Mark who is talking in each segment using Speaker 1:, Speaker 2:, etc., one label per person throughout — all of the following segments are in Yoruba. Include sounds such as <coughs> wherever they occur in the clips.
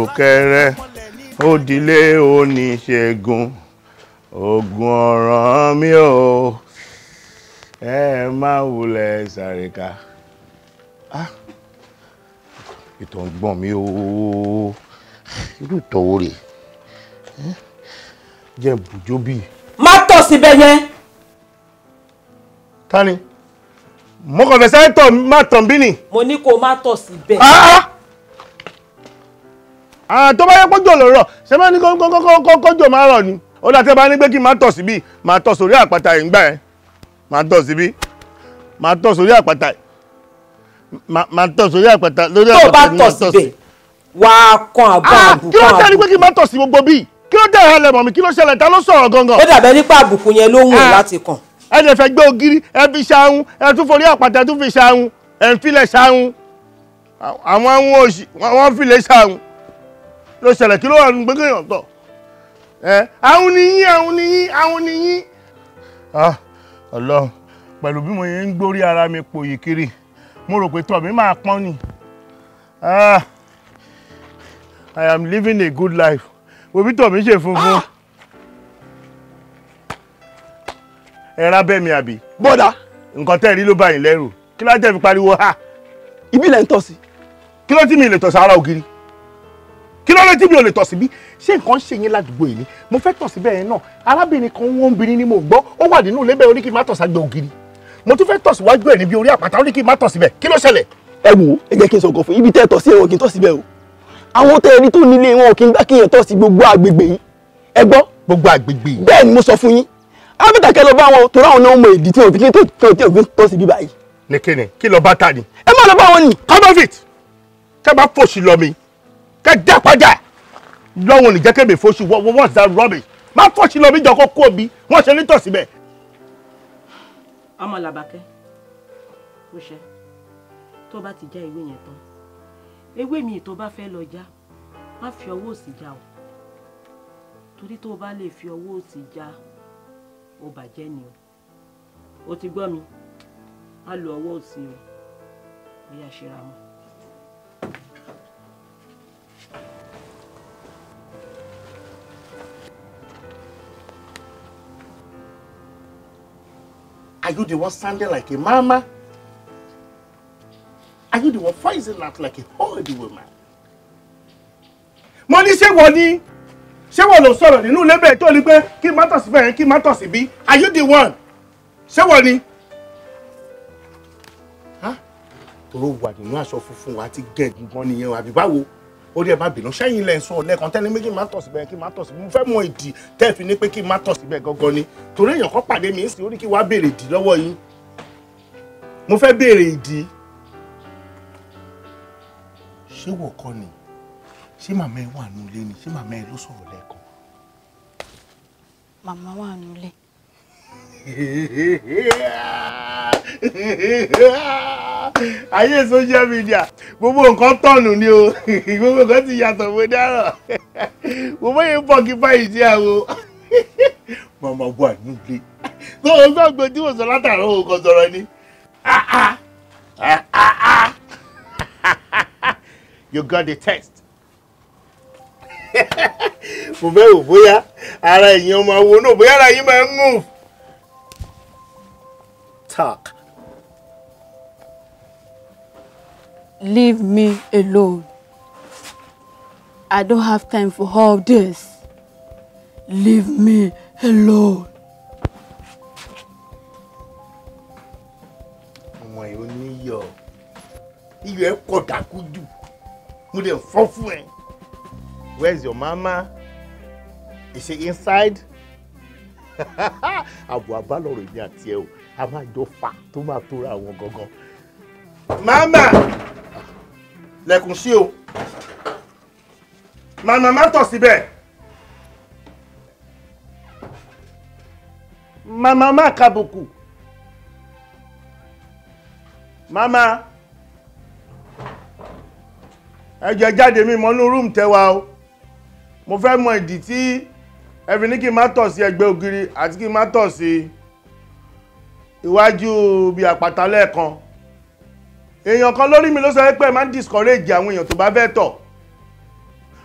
Speaker 1: Òkèrè òdìlé oníṣègùn oògùn ọ̀ràn mi ò ẹ má wulẹ̀ sàríkà ìtọ̀ ah! ń mi o irú ìtọ̀ rè jẹ́ bùjó bí.
Speaker 2: má tọ̀ síbẹ̀ yẹn.
Speaker 1: ta mo kàn fẹ́ sáré má tọ̀ bí ni. mo ní kó
Speaker 3: má tọ̀ síbẹ̀. Ah, ah!
Speaker 1: Ah, tó bá yẹ kójò ló rọ̀ ṣe máa ní kójò máa rọ̀ ni ó dàtẹ́ bá ní pé kí n máa tọ̀ síbí máa tọ̀ sórí àpáta yìí ń gbà ẹ́ máa tọ̀ síbí máa tọ̀ sórí àpáta yìí máa tọ̀ sórí àpáta lórí àpáta yìí máa tọ̀ sí. wà á kan àbọ̀ àbùkù ah, àbùkù. kí ló tẹ́ ni pé kí n máa tọ̀ sí gbogbo bíi kí ló tẹ́ ìhàlẹ̀ mọ̀ mi kí ló ṣẹlẹ̀ ta ló sọ̀rọ̀ gangan. ó dàbẹ́ nípa àbùkù yẹn ah, gbé ògiri ẹ fi ṣahun ẹ tún forí àpáta ẹ tún fi ṣahun ẹ ń filẹ̀ ṣahun àwọn àwọn òṣì wọn filẹ̀ ṣahun. lo ṣẹlẹ̀ kí ló wà nù gbẹ́gẹ́yàn tọ̀ ẹ àwọn ni yín àwọn ni yín àwọn ni yín. Ah, Ọlọ́run pẹ̀lú bí mo ara mi pòyì kiri mo ni ah, I am living a good life òbí mi ṣe funfun. Ah! ẹ̀rọ abẹ́mi àbí. bọ́dà. nǹkan tẹ́ rí ló fi pariwo ha. ibi kí ló lè tí mi ò lè tọ̀ síbí ṣé nǹkan ń ṣe yín ládùúgbò yìí ni mo fẹ́ tọ̀ síbẹ̀ yẹn náà arábìnrin kan wọ́n ń bìnrin ni mo gbọ́ ó wà nínú ilé bẹ́ẹ̀ oníkì má tọ̀ ságbẹ́ ògiri mo tún fẹ́ tọ̀ síwájú ẹ̀ níbi orí àpáta oníkì má tọ̀ síbẹ̀ kí ló ṣẹlẹ̀. ẹ wo
Speaker 4: ẹ jẹ́ kí n sọ nǹkan fún ibi tẹ́ ẹ tọ̀ sí ẹ̀wọ̀n kí n tọ̀ síbẹ̀ o àwọn tẹ ẹni tó nílé wọn kí n gbá kíyàn tọ̀ sí gbogbo àgbègbè yìí ẹ gbọ́. gbogbo àgbègbè yìí. bẹ́ẹ̀ ni mo sọ fún yín ábítàkẹ́ lọ bá wọn torí àwọn
Speaker 1: náà mọ ìdí tí òfin tí òfin tọ́ sí bíbá yìí. nìkéni ni. come off it kẹ́ bá fòṣì lọ mi kẹ́ dá padà lọ́wọ́n ní jẹ́kẹ́ mi fóṣù what's that rubbish má fọ́ṣì lọ mí jọ kó kó mi wọ́n ṣe nítòsí bẹ́ẹ̀.
Speaker 3: ọmọ làbàkẹ́ ó ṣe tó bá ti já ewé yẹn tán ewé mi tó bá fẹ́ lọ já má fi ọwọ́ òsì já o torí tó bá lè fi ọwọ́ òsì já ó bàjẹ́ ni o o ti gbọ́ mi má lo ọwọ́ òsì o bí a ṣe ra mọ́.
Speaker 1: Are you the one standing like a mama? Are you the one foising that like a holy woman? Money, ní ṣé wọ ni? Ṣé wọ ló sọ̀rọ̀ nínú ilé bẹ́ẹ̀ tó ní pé kí n má Are you the one? Ṣé wọ ni? Tòró wà nínú aṣọ funfun wa ti money. gan nìyẹn àbí báwo? orí ẹ má bínú sẹ́yìn lẹ ń sọ lẹ́ẹ̀kan tẹ́ni méjì má tọ̀ síbẹ̀ kí má tọ̀ síbẹ̀ mo fẹ́ mọ ìdí tẹ́ fi ní pé kí má tọ̀ síbẹ̀ gangan ni torí èèyàn kan pàdé mi ń sìn orí kí wàá béèrè ìdí lọ́wọ́ yín mo fẹ́ béèrè ìdí. ṣé wò kọ́ ni ṣé màmá ẹ wà nulẹ̀ ni ṣé màmá ẹ ló sọ̀rọ̀ lẹ́ẹ̀kan.
Speaker 2: màmá wà
Speaker 3: nulẹ̀.
Speaker 1: <laughs> ayé social media gbogbo nǹkan tọ̀nù ni o <laughs> gbogbo nǹkan ti yàtọ̀ mo dáràn gbogbo yẹn pọ̀ kí báyìí sí àwọn mama wà nílé <laughs> tó o gbàgbé tí mo sọ látàrọ òkò sọ̀rọ̀ ni you got the text mo fẹ́ wò bóyá ara ẹ̀yin ọmọ awo náà bóyá ara yín máa ń move talk.
Speaker 3: Leave me alone. I don't have time for all this.
Speaker 5: Leave me alone.
Speaker 1: Ọmọ yìí ó níyọ̀. Iyọ̀ ẹ pọ̀ dákú jù. Mo lè fọ́ fún ẹ. Where your mama? Is she inside? <laughs> Àbọ̀ àbálọ̀rọ̀ èmi àti ẹ o a máa jọ fà tó máa tó ra àwọn gangan. màmá lẹ̀kùn sí o màmá má tọ̀ síbẹ̀ màmá má kàbùkù màmá ẹ jẹ́ jáde mi mọ́ ní rúùmù tẹ́wa o mo fẹ́ mọ ìdí tí ẹ fi ní kí n má tọ̀ sí ẹgbẹ́ ògiri àti kí n má tọ̀ sí i iwájú bíi àpáta lẹ́ẹ̀kan èèyàn kan lórí mi ló sọ pé máa ń discourage àwọn èèyàn tó bá fẹ́ tọ̀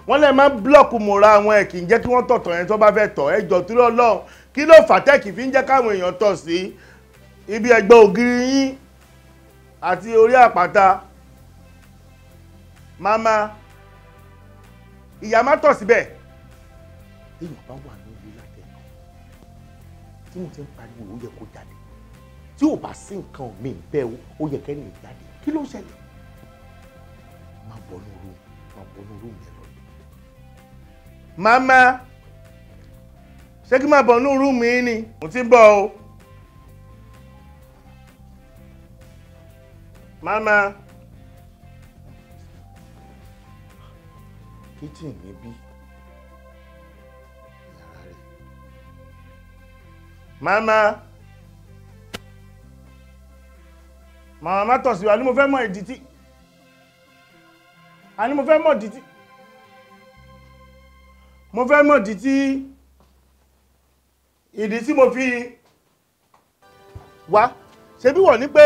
Speaker 1: wọ́n lè máa ń blọ́ọ̀kù mọ̀ra àwọn ẹ̀ kì í jẹ́ kí wọ́n tọ̀tọ̀ yẹn tó bá fẹ́ tọ̀ ẹ jọ̀ torí Ọlọ́run kí ló fà tẹ́ẹ̀kì fi ń jẹ́ káwọn èèyàn tọ̀ sí ibi ẹgbẹ́ ògiri yín àti orí àpáta mama ìyá má tọ̀ síbẹ̀ èèyàn bá wà lórí látẹ̀kọ̀ tí mo ti ń pariwo ó yẹ kó jáde tí ò bá sí nǹkan mi bẹ́ẹ̀ ó yẹ kẹ́ni ìjáde kí ló ń ṣẹlẹ̀
Speaker 4: má bọ́nú rúùmù má bọ́nú rúùmù yẹn lọ.
Speaker 1: màmá ṣé kí máa bọ́nú rúùmù yín ni mo ti ń o. màmá. kíchìn níbí yàrá màmá. màmá má tọ̀ sí wa ni mo fẹ́ mọ ìdí tí a ní mo fẹ́ mọ ìdí tí mo fẹ́ mọ ìdí tí ìdí tí mo fi wá ṣe bí wọ̀ ni pé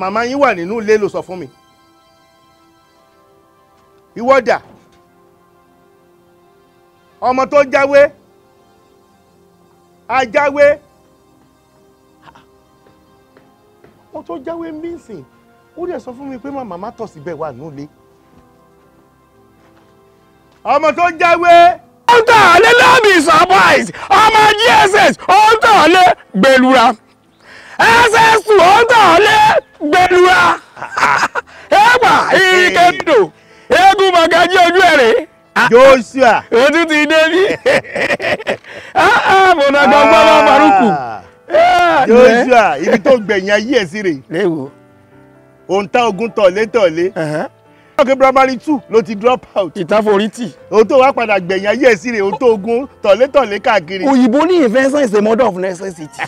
Speaker 1: màmá yín wà nínú ilé ló sọ fún mi ìwọ́dà ọmọ tó jáwé ajáwé. wọn tó jáwé ń bí nsìn ó dẹ̀ sọ fún mi pé màmá má tọ̀ wà nílé. ọmọ tó jáwé. ó ń tàn lọ́ọ̀bì surprise ọmọ GSS ó ń tàn gbẹlura
Speaker 2: ss ó ń tàn lé gbẹlura <laughs> ẹgbà ìrìkẹdò eégún màgájí ojú ẹ̀rẹ́.
Speaker 1: Joshua. o tún ti dé bí. mọ̀nàgbọ́n bá bá barúkú. Ah, Joshua ibi tó gbẹ̀yìn ayé ẹ̀ sí rè. léwo. òun tá ogun tọ̀lé tọ̀lé. ọ̀gá primary two ló ti drop out. ìtàforítì. òun tó wá padà gbẹ̀yìn ayé ẹ̀ sí rè òun tó ogun tọ̀lé tọ̀lé káàkiri. òyìnbó ní invention is a mother of necessity.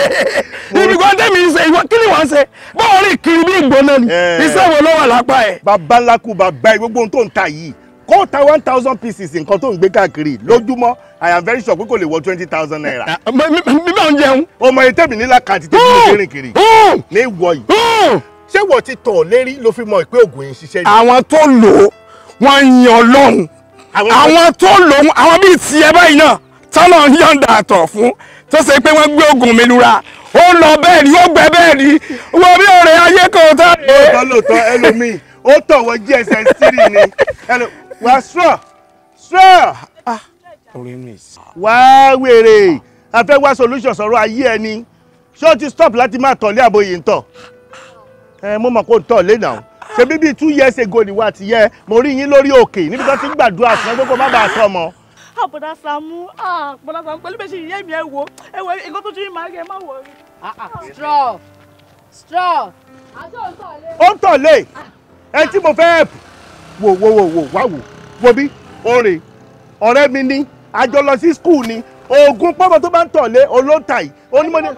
Speaker 1: <laughs> ibi kan tẹ́mi ṣe ìwọ kí ni wọ́n ṣe báwọn rí kiri bí ìgbóná ni eh. iṣẹ́ wo ló wà lápá ẹ̀. bàbá ńlá gbogbo ohun tó ń ta yìí kó ta one thousand pieces nǹkan tó ń gbé káàkiri lójúmọ́ i am very sure pé kò lè wọ twenty thousand naira. Ah, ah, mi máa ń jẹun. ọmọ ètè mi nílá kan àti tèmi ló kéré kiri ní ìwọ yìí ṣé wọ́n ti tọ̀ lérí ló fi mọ ìpé ògùn yìí ṣiṣẹ́ ni. àwọn tó lò wọ́n yan lọ́hùn àwọn tó lò àwọn bíi tiẹ̀ báyìí náà tọ́lọ̀ ń yọ̀ǹda àtọ̀ fún tó ṣe pé wọ́n gbé ògùn mi lura ó lọ bẹ́ẹ̀ ni ó gbẹ bẹ́ẹ̀ ni wọ́n bí ọ̀rẹ́ ayé kan tó. lóòótọ́ lóòótọ́ ẹlòmíì ó tọ̀wọ́ gss three ni wà sọ sọ wà wèrè a fẹ́ wá solution sọ̀rọ̀ ayé ẹni ṣé o ti stop láti máa tọ̀lé àbòyè ń tọ̀ ẹ mo mọ̀ kó ń tọ̀ lé náà ṣe bíbí two years ago ni wà á ti yẹ mo rí yín lórí òkè níbi tó ti ń gbàdúrà fún ẹgbẹ́ kó má bàa sọ ọmọ.
Speaker 2: àbùdá ah, Sàámú àbùdá ah, Sàámú pẹ̀lú bẹ́ẹ̀ ṣe ìyá mi ẹ wo ẹ wo nǹkan tó tún máa ń kẹ́ ẹ má wọ̀ rí. straw straw. ó
Speaker 1: ń tọ̀lé ẹ tí mo fẹ́ ẹ̀pù wò wò wò wò wá wò wo bí orin ọ̀rẹ́ mi ní àjọ lọ sí skul ni oògùn pọ́pọ́ tó bá ń tọ̀lé olóńtà yìí onímọ̀ ni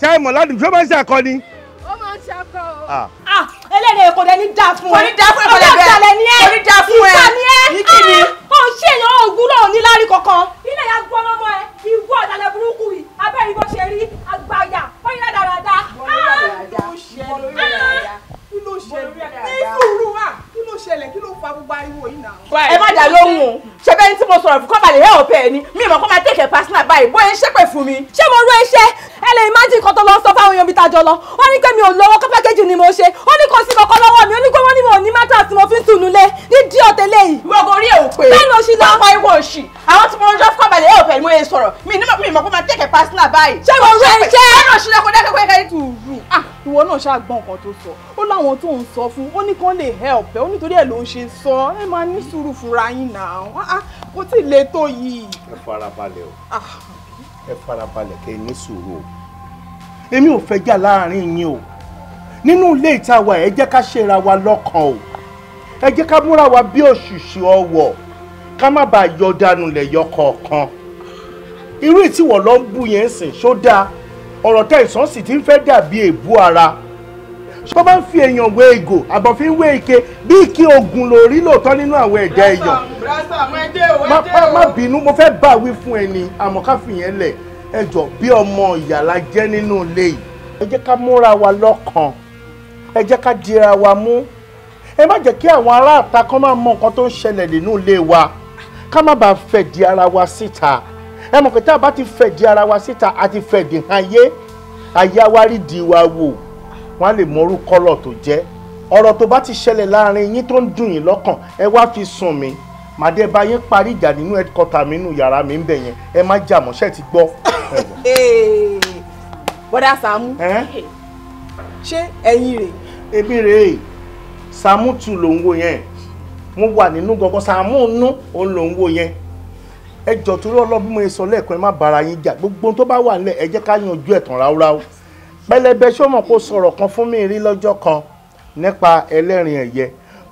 Speaker 1: ṣe é mọ̀ ládùúgbò ṣé ó máa ń ṣe akọni.
Speaker 2: ó máa ń ṣe akọ o. eléyìí kò dẹ̀ ní dáa fún ẹ. kò ní dáa fún ẹ kò dẹ̀ bẹ́ẹ̀ kò ní dáa fún ẹ ìkà ni ẹ kò ń ṣèyàn oògùn náà ní lárí kankan. ilé ya gbọ́ lọ́mọ ẹ ìwọ ọ̀dàlẹ̀ burúkú ẹ̀ ni mi mọ̀ kó máa tẹ̀kẹ̀ personal báyìí bóyá iṣẹ́ pè fún mi. ṣé mo rú iṣẹ́ ẹ lè imagine kan tó lọ sọ fáwọn èèyàn mi tàjọ lọ ó ní pé mi ò lọ́wọ́ kọ́ pákéjì ni mo ṣe ó ní kò sí kọ̀kọ́ lọ́wọ́ mi ó ní pé wọ́n ní mi ò ní mátà tí mo fi ń tunu lé ní dí ọ̀tẹ̀ léyìí. gbogbo orí ẹ̀ ò pé bẹ́ẹ̀ ló ṣe lọ. pápá ìwọ òṣì àwọn tí mo rọjọ́ fún abalẹ̀ ẹ̀ ò fẹ́ mo lè sọ̀rọ̀ mi ní mọ̀ kó máa tẹ̀kẹ̀ personal báyìí. ṣé mo rú iṣẹ́ bẹ́ẹ̀ ló ṣe lọ kó dẹ́ ah, ìwọ náà ṣáà gbọ́n nǹkan tó
Speaker 5: sọ ó láwọn tó ń sọ fún ó ní kán lè help ẹ ó nítorí ẹ ló ń ṣe sọ ẹ máa ní sùúrù fúnra yín náà ah, ah, kó tí ì le tó yìí
Speaker 1: farabalẹ̀ o ah. ẹ farabalẹ̀ kẹ́ ẹ ní sùúrù o èmi ò fẹ́ jà láàrin yín o nínú ilé ìtawà ẹ jẹ́ ká ṣera wa lọ́kàn o ẹ jẹ́ ká múra wa bí òṣìṣẹ́ ọwọ́ ká má bàa yọ dànù lẹ̀ yọ kọ̀ọ̀kan irú ìtìwọ̀ ló ń bù yẹn sìn ṣó dáa ọ̀rọ̀ tẹ̀ ìsàn sì ti ń fẹ́ dàbí èébú ara tó bá ń fi èèyàn wé ìgò àbọ̀fín wé ike bí kí ogun lórí lóòótọ́ nínú àwọn ẹ̀dá èèyàn ma bínú mo fẹ́ bá wí fún ẹni àmọ́ ká fìyẹn lẹ̀ ẹ jọ bí ọmọ ìyàlá jẹ́ nínú ilé yìí ẹ jẹ́ ká múra wa lọ́kàn ẹ jẹ́ ká dira wa mú ẹ má jẹ́ kí àwọn aráàta kan máa mọ nǹkan tó ń ṣẹlẹ̀ nínú ilé wa ká má bàa fẹ̀dí ara wa síta ẹ mọ̀ pé tá a bá ti fẹ̀dí ara wa síta a ti fẹ̀dí ayé ayé awárí di wa wò wọ́n á lè mọ orúkọ lọ tó jẹ́ ọ̀rọ̀ tó bá ti ṣẹlẹ̀ láàrin yín tó ń dùn yín lọ́kàn ẹ wá fi sùn mí màdé bá yẹn parí ìjà nínú ẹ̀kọ́ta mi nínú yàrá mi ń bẹ̀ yẹn ẹ má jà mọ́ ṣe ti gbọ́. <laughs>
Speaker 2: bọ́dà Sàámú ṣé ẹ̀yin rè.
Speaker 1: èmi rèé Sàámú tù tu ń wo yẹn mo wà nínú gangan Sàámú nú òun ló ń wo yẹn ẹ jọ torí ọlọ́bí mo sọ lẹ́ẹ̀kan ẹ má bára yín jà gbogbo tó bá wà nílẹ̀ ẹ jẹ́ ká yanjú ẹ̀ tán ráúráú pẹlẹbẹ ṣọmọ kó sọ̀rọ̀ kan fún mi rí lọ́jọ́ kan nípa ẹlẹ́rìn ẹ̀yẹ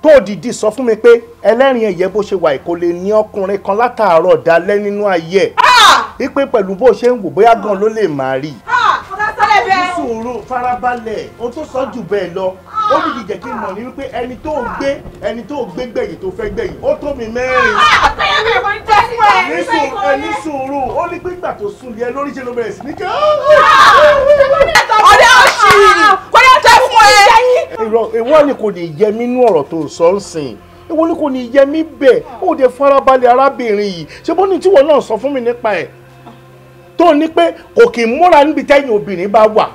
Speaker 1: tó dìdí sọ fún mi pé ẹlẹ́rìn ẹ̀yẹ bó ṣe wà kò lè ní ọkùnrin kan látàárọ̀ dalẹ́ nínú ayé ẹ̀ wípé pẹ̀lú bó ṣe ń wò bóyá gan ló lè máa rí i sùúrù farabalẹ̀ o tó sọ jù bẹ́ẹ̀ lọ ó ní jìjẹ́ kí n mọ̀ ní wípé ẹni tó gbé ẹni tó gbé gbẹ̀yìn tó fẹ́ gbẹ̀yìn ó tó mi mẹ́rin. ní sùúrù ó ní pé ìgbà tó sùn lé lórí ṣe ló bẹ̀rẹ̀ sí ní kí. ọ̀rẹ́ òṣì ìwọ ni kò ní yẹ mí nú ọ̀rọ̀ tó sọ ń sìn ìwọ ni kò ní yẹ mí bẹ̀ ó de farabalẹ̀ arábìnrin yìí ṣé bó ni tíwọ náà sọ fún mi nípa ẹ̀ tó ní pé kò kì í múra níbi tẹ́yìn obìnrin bá wà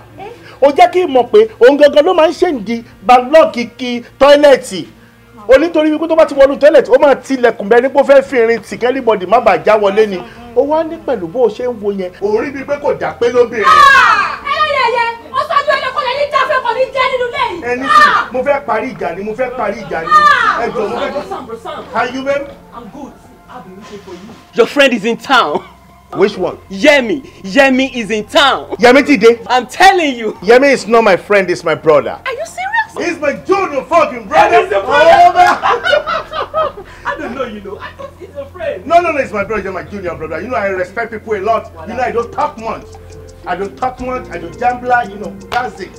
Speaker 1: ó jẹ́ kí n mọ̀ pé òun gangan ló máa ń ṣèǹdí balọ́ọ̀kì kí tọ́ílẹ̀tì onítorí wípé tó bá ti wọnú tọ́ílẹ̀tì ó máa tilẹ̀kùn bẹ́ẹ̀ nípò fẹ́ fi irin tì kẹ́líbọ̀dì má bàa já wọlé ni ó wá ní pẹ̀lú bó o ṣe ń wo yẹn. orí bíi pé kò dá pé lóbìnrin. Ah!
Speaker 2: ẹ ẹ ẹ ó sọ ìfẹ́ ló kọ́ lẹ́ni jáfẹ́ kọ́ ní jẹ́ nínú lẹ́yìn. ẹni tí ah!
Speaker 1: mo fẹ́ parí ìjà ni mo fẹ́ parí ìjà ni ah! ẹ jọ mo
Speaker 2: fẹ́. are
Speaker 1: you well.
Speaker 4: i'm good i've been for you.
Speaker 1: your friend is in town. Which one? Yemi. Yemi is in town. Yemi Tide. I'm telling you. Yemi is not my friend, he's my brother.
Speaker 4: Are you serious?
Speaker 1: He's my junior fucking brother. He's a brother.
Speaker 4: <laughs> I don't know, you know. I thought he's your friend.
Speaker 1: No, no, no, he's my brother. You're my junior brother. You know I respect people a lot. You know I don't talk much. I don't talk much, I don't jambla, you know, that's it.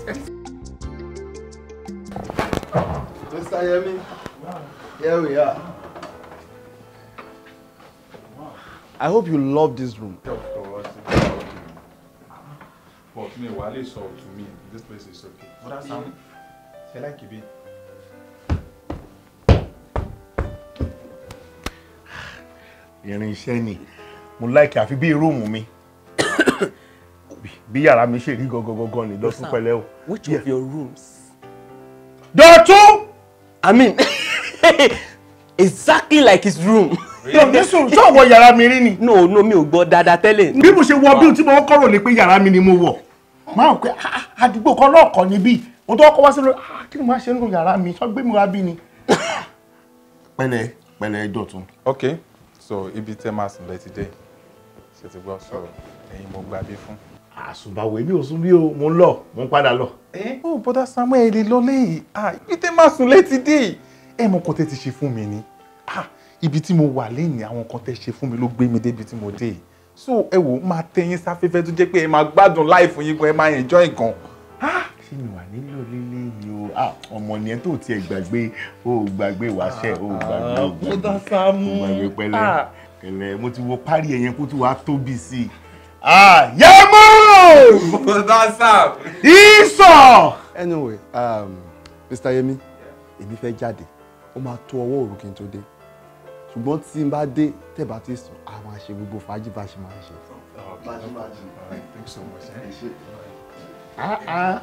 Speaker 6: Mr. Yemi, here we are. I hope you love this room. Of But me,
Speaker 5: Wale saw to me, this place is okay. What that's how. Shall I keep it?
Speaker 1: Irinṣẹ́ ni, mo like àfi bí rúùmù mi bí yàrá mi ṣe rí gangan ni dọ́tún pẹ̀lẹ́ o. which yeah. of your rooms. dọ́tún. i mean <laughs> exactly like his room. dọ̀bí sùn ṣé ọ̀wọ́ yàrá mi rí ni. no no mi ò gbọ́ dáadáa tẹ́lẹ̀. bí mo ṣe wọ bí tí mo kọ́rọ̀ ni pé yàrá mi ni mo wọ̀ máa ń pẹ́ ah, ah, àdúgbò kan lọ́ọ̀kan níbí mo tó kọ́ wá sí lórí ah, kí ni mo máa ṣe nínú yàrá mi sọ gbé mi wá bí ni.
Speaker 6: <coughs> pẹ̀lẹ́ pẹ̀lẹ́ dọ̀tún. ok so ibi tẹ́ máa sùn lẹ ti dé ṣètìgbọ́ sọ̀rọ̀ ẹ̀yin mo gbà bí fún àsùnbàwò èmi ò sùn bí o mo ń lọ mo ń padà lọ. ẹ ó bọ́dá Samuel lè lọ léyìí ibi tẹ́ máa sùn létí dé ẹ mọ nǹkan tẹ́ ṣe fún mi ni ibi tí mo wà lẹ́yìn àwọn nǹkan tẹ́ ṣe fún mi ló gbé mi débi tí mo dé so ẹ wò ó máa tẹyin sáfẹ́fẹ́ tó jẹ́ pé ẹ máa gbádùn láìfún yín kan ẹ máa enjoy gan.
Speaker 1: ṣé mi wà nílò lílé yìí o ọmọ nìyẹn tó tiẹ̀ gbàgbé o gbàgbé wáṣẹ́ o gbàgbé o
Speaker 6: gbàgbé
Speaker 1: pẹ̀lẹ́ pẹ̀lẹ́ mo ti wo párí ẹ̀yẹn kó tún wàá tóbi sí i. Àyẹ̀mú!
Speaker 3: That's up. Ìsọ̀.
Speaker 1: Anyway, um,
Speaker 6: Mr. Yemi, èmi fẹ́ jáde, ó máa tó ọwọ́ òru kí n tó dé. Ṣùgbọ́n tí see my day. tẹ́ bá ti sùn, a máa ṣe gbogbo fàájì bá ṣe
Speaker 1: Thank you so much. Ah ah.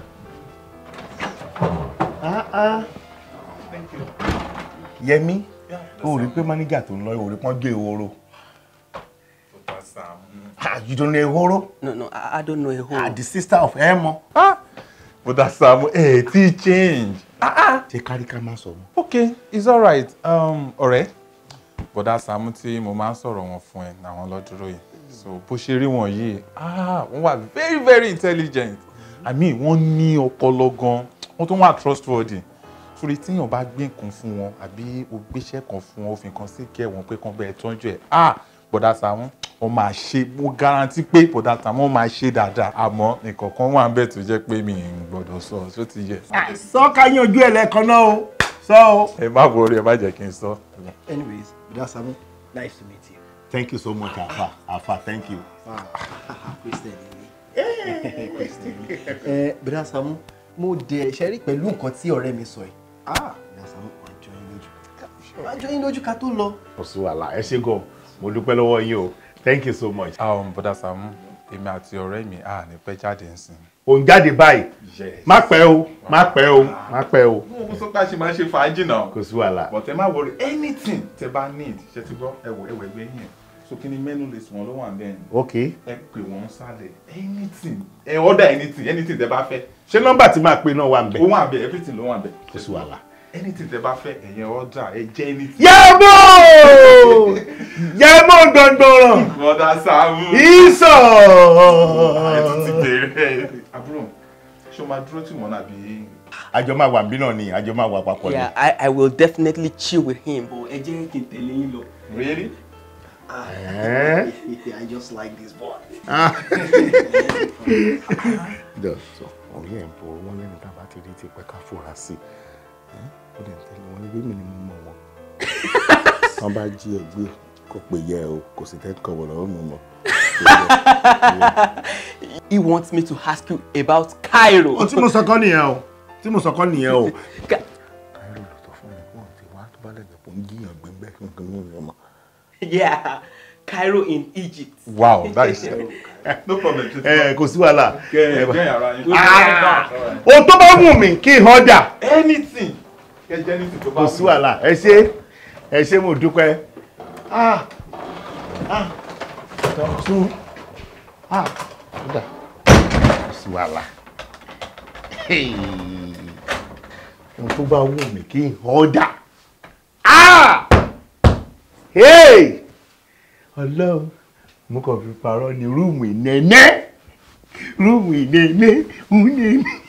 Speaker 1: Ah ah. Thank you. Yemi, o rí pé máníjà tó ń lọ, o rí pọ́n gé ìwòrò. Ah, you don't know Ehoro? No, no,
Speaker 6: I, I don't know Ehoro. Ah, the sister of Emo. Ah, but that's Samu. Hey, eh, tea change. Ah, ah. Ṣé kárí ká máa Okay, it's all right. Um, alright. But Sàámú tí mo máa ń sọ̀rọ̀ wọn fún ẹ làwọn lọ dúró yìí. So Pushiri ṣe rí ah, wọ́n wà very very intelligent. I mean, wọ́n ní ọpọlọ gan-an, wa tún wà trustworthy torí téèyàn bá gbé nǹkan fún wọn àbí o gbéṣẹ́ kan fún wọn òfin kan sí kẹ́ wọn pé kán bẹ́ẹ̀ tọ́jú ẹ̀ ah bọ̀dá Sàámú wọ́n máa ṣe mo guarantee pé bọ̀dá Sàámú wọ́n máa ṣe dáadáa àmọ́ nǹkan kan wà ń tó jẹ́ pé mi ì gbọ́dọ̀ sọ tó ti yẹ. Ah,
Speaker 1: sọ ká yanjú
Speaker 6: ẹ lẹ́ẹ̀kan náà o sọ o. ẹ má borí ẹ má jẹ́ kí n sọ.
Speaker 1: anyways bọ̀dá Sàámú
Speaker 4: nice to meet you.
Speaker 6: thank you so much afa afa thank you. Ah, <laughs> christian
Speaker 4: ni <laughs> christian ni eh, bọ̀dá Sàámú mo dẹ̀ ṣe rí pẹ̀lú nǹkan tí
Speaker 6: ọ̀rẹ́ mi sọ yìí. bọ̀dá Sàámú àjọyìn lójú
Speaker 4: àjọyìn lójú ká tó lọ.
Speaker 6: ọ̀sùn wàhálà ẹ ṣe gan mo dúpẹ́ lọ́wọ́ yín o thank you so much. àwọn bọ́dà Sàámú èmi àti ọ̀rẹ́ mi à ní pẹ́ jáde nsìn. ò ń jáde báyìí má pẹ́ o ah. má pẹ́ o má pẹ́ o. mo sọ pé a ṣe máa ṣe fàájì náà. kò sí wàhálà. but ẹ má worry anything tẹ bá need ṣe ti gbọ́ ẹ̀wọ̀ ẹ̀wọ̀ ẹgbẹ́ yẹn so kí ni menu list wọn ló wà bẹ́ẹ̀ ni. ok ẹ pè wọ́n sálẹ̀ anything ẹ order anything anything tẹ bá fẹ́. ṣé nọ́mbà tí máa pe náà wà ń bẹ̀. ó wà ń bẹ̀ everything ló wà ń bẹ̀. kò sí wàhálà anything tẹ bá fẹ́ ẹ̀yẹn ọ̀dà ẹ jẹ́ anything. yẹ́mọ̀
Speaker 1: <laughs> yẹ́mọ̀ gbọ̀ngbọ̀ràn
Speaker 6: mọ̀dà sáàmù ìsọ̀. ẹ tún ti bẹ̀rẹ̀ àbúrò ṣé o máa dúró tì wọ́n àbí.
Speaker 1: àjọ máa wà bínú ni àjọ máa wà papọ̀ ni. yeah I, I will definitely chill with him. ẹ jẹ́ kí n tẹ̀lé yín lọ.
Speaker 4: really. Eh? <laughs> I just like this boy. Ah. <laughs>
Speaker 1: Just, ọ̀rẹ́ ẹ̀ ń bọ̀ wọ́n lẹ́nu tá a bá ti rí ti pẹ́ ká fura sí i ó dẹ̀ ń mi ni mo mọ̀ wọn wọn bá jí ẹ gbé pè yẹ o kò sì tẹ́ kọ̀ wọ̀lọ́wọ́ mi mọ̀.
Speaker 4: he wants me to ask you about Cairo. o tí mo sọ nìyẹn o tí mo sọ nìyẹn o. Cairo
Speaker 1: ló sọ fún mi kó n fi wá tó bá lẹ́gbẹ̀ẹ́ kó n gíyàn gbẹ́ngbẹ́ kí n kàn ń
Speaker 4: yeah Cairo in Egypt. wow that is terrible. no problem.
Speaker 1: ẹ kò sí wàhálà. kẹ ẹ jẹ yàrá yín. o tó bá wù mí kí n hàn dà.
Speaker 6: anything kẹjẹ ní tìtò bá. kò sí
Speaker 1: wàhálà ẹ ṣé ẹ ṣé mo dúpẹ́
Speaker 6: ah ah tú ah
Speaker 4: kódà kò sí wàhálà
Speaker 1: ohun tó bá wù mí kí n ọ̀dà ah hey ọlọ́run mo kàn fi parọ́ ní rúùmù ìnẹ́nẹ́ rúùmù ìnẹ́nẹ́ ń nẹ́nẹ́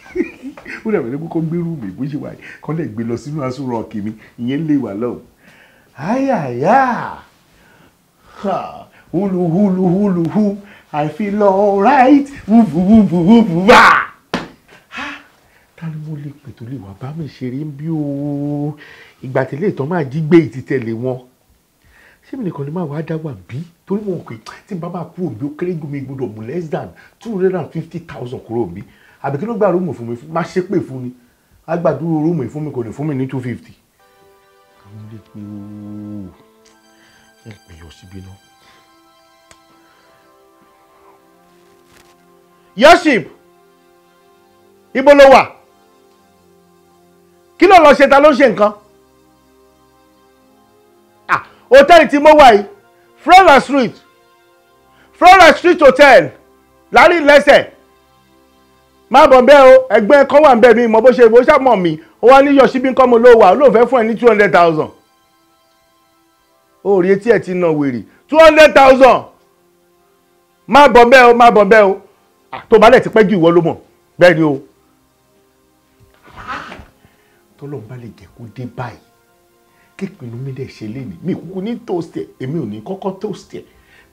Speaker 1: ó dàbẹ̀ lẹ́gbẹ́ kó gbérù mi bó ṣe wà lè gbé lọ sínú aṣọ rọọkì ìyẹn lè wà lọ́wọ́ ayaya hulu hulu hulu I feel alright wúbu wúbu wúbu wá. ta ni mo lè pè tó lè wà bá mi ṣeré ń bí o ìgbà tẹ́lẹ̀ ìtàn máa jí gbé ìtìtẹ̀lé wọn ṣé mi nìkan ni máa wàá dá wà bí torí mo mọ̀ pé tí n bá máa kú òbí ó kéré gbomi gbọdọ̀ mú two hundred and fifty thousand kúrò bí àbí kí ló gba rúùmù fún mi má ṣe pè fún mi á gbàdúró rúùmù fún mi kò ní fún mi ní two fifty. àwọn ilé pé ooo ẹ pè yọ síbi náà. yọ́ṣìp ibo ló wà kí ló lọ ṣe ta ló ń ṣe nǹkan hòtẹ́ẹ̀lì tí mo wà yìí Flora Street Florida Street hotel láàrin lẹ́sẹ̀ má bọ̀ bẹ́ẹ̀ o ẹgbẹ́ kan wà bẹ́ẹ̀ mi mọ̀ bó ṣe bó ṣàmọ̀ mi ó wá ní yọ̀ṣí bí mo ló wà ó lóò fẹ́ fún ẹ ní two hundred thousand ó rí etí ẹ̀ ti nà wèrè two hundred thousand má bọ̀ bẹ́ẹ̀ o má bọ̀ bẹ́ẹ̀ o tó bá lẹ̀ ti pẹ́ ju ìwọ ló mọ̀ bẹ́ẹ̀ ni o tọ́lọ́n bá lè jẹ́ kó dé báyìí kéèpì inú mi dẹ̀ ṣe lé ní mi kúkú ní toast ẹ̀ èmi ò ní kọ́kọ́ toast ẹ̀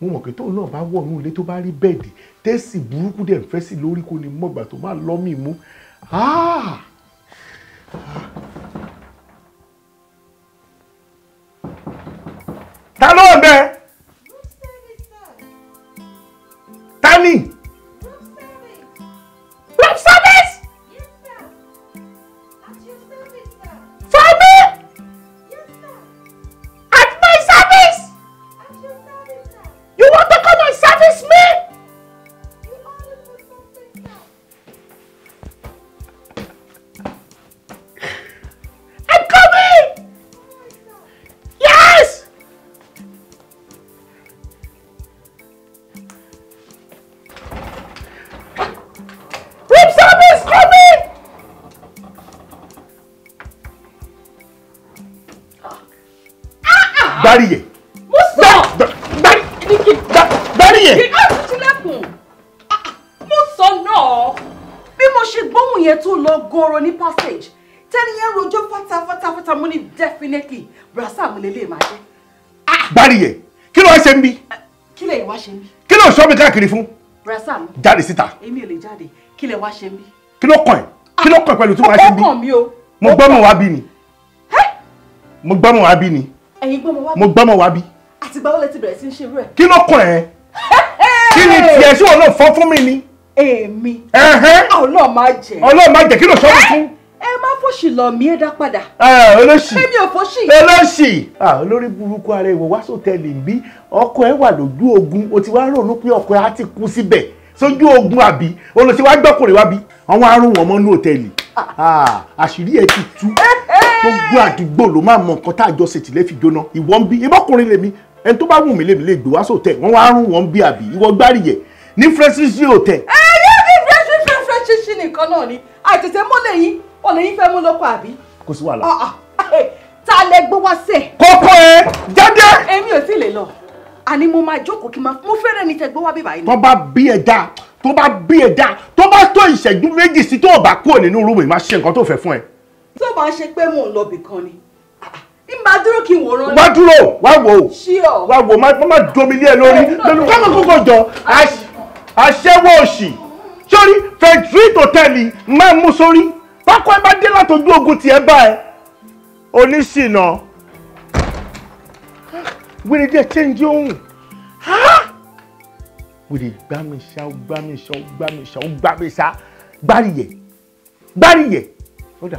Speaker 1: mo mọ̀ pé tóun náà bá wọ̀ nínú ilé tó bá rí bẹ́ẹ̀dì tẹ́sì burúkú dẹ̀ ń fẹ́ sí lórí kò ní mọ̀gbà tó máa lọ́ mú. Ah! ta ló ń bẹ́ẹ̀. gbárí yẹ.
Speaker 2: mo sọ gbárí yẹ. mo sọ náà bí mo ṣe gbóhùn yẹn tó lọ gọrọ ní passage tẹ́ni yẹn rojọ́ fátáfátáfátá mo ní definitely brasa mo lè lè máa jẹ́.
Speaker 1: Ah! gbárí yẹ kí ló wá ṣe ń bí. Eh,
Speaker 3: kí lè wá ṣe ń bí.
Speaker 1: kí ló sọ mi káàkiri fún. brasa mi jáde síta.
Speaker 3: èmi ò lè jáde kí lè wá ṣe ń bí.
Speaker 1: kí ló kàn ẹ́ kí ló kàn pẹ̀lú tí wọ́n á ṣe ń bí. mo gbọ́ mọ̀ wá bí ni. mo gbọ́ mọ̀ wá bí ni ẹ̀yin gbọ́mọ wá bí. mo gbọ́mọ wá bí.
Speaker 2: àtìgbà wo lẹ ti bẹ̀rẹ̀ sí í ṣe ẹ̀. kí ló kàn ẹ́ kí ni tiẹ̀ sí òun
Speaker 1: náà fọ́ fún mi ni.
Speaker 2: èmi ọlọ́ọ̀ máa jẹ. ọlọ́ọ̀ máa jẹ kí ló sọ mí fún. ẹ má fòṣì lọ mí ẹ dá padà. olóṣì èmi ò fòṣì. olóṣì
Speaker 1: olórí burúkú ara ìwọ wá sọtẹ́ẹ̀lì ń bí ọkọ ẹ wà lójú ogun o ti wá rònú pé ọkọ ẹ á ti kú síbẹ̀ sójú ogun àbí olùsíwájú ọkùnrin wá bí àwọn arúgbó ọmọ ní hòtẹ́ẹ̀lì àṣírí ẹ ti tú gbogbo àdúgbò ló máa mọ nǹkan tá a jọ ṣètìlẹ́ fi jóná ìwọ ń bí ìbọ́kùnrin lèmi ẹni tó bá wù mí lèmi lè gbé wá sòtẹ́ wọ́n wá rún wọn bí àbí ìwọ gbárí yẹ ní frenchie hotel.
Speaker 2: ẹ yé mi frenchie frenchie nìkan náà ni àìtètè mọ́lẹ̀ yín ọ̀lẹ́ yín fẹ́ mú lóko àbí.
Speaker 1: kò sí wàhálà. Ah,
Speaker 2: ah, eh, ta lẹ gbọ́ wá sẹ̀. kókó ẹ jáde. èmi ò sì lè lọ àní mo máa jókòó kí n máa mo fẹ́rẹ̀ ní tẹ́gbọ́ wá bíbá yìí. tó
Speaker 1: bá bí ẹ dáa tó bá bí ẹ dáa tó bá tó ìṣẹ́jú méjì sí tó bá kúrò nínú rúùmù ìmáṣe
Speaker 2: tó bá ṣe pé mò ń lọ bìkan ni n bá dúró kí n wòran ni. wá dúró wá wò ó
Speaker 1: wá wò ó má má domi lé ẹ lórí lórí kọ́kọ́ kọ́kọ́ jọ aṣẹ́wó òṣì sórí fẹ̀dúrìtì òtẹ́ẹ̀lì máa mú sórí pákó ẹ bá dé látọjú ogun tiẹ̀ bá ẹ oníṣìnà wíri díẹ̀ chẹ́ǹjì ohun wíri gbàmíṣá gbàmíṣá gbàmíṣá gbàmíṣá gbàríyẹ gbàríyẹ ó dà.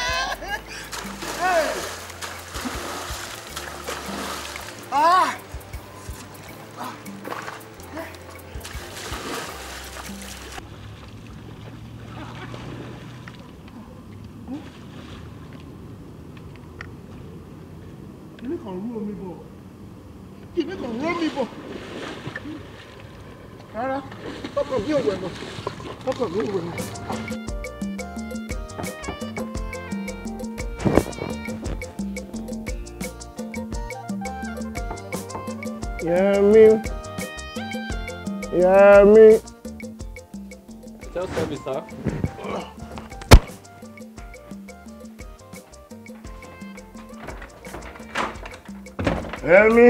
Speaker 1: tak. Yẹmí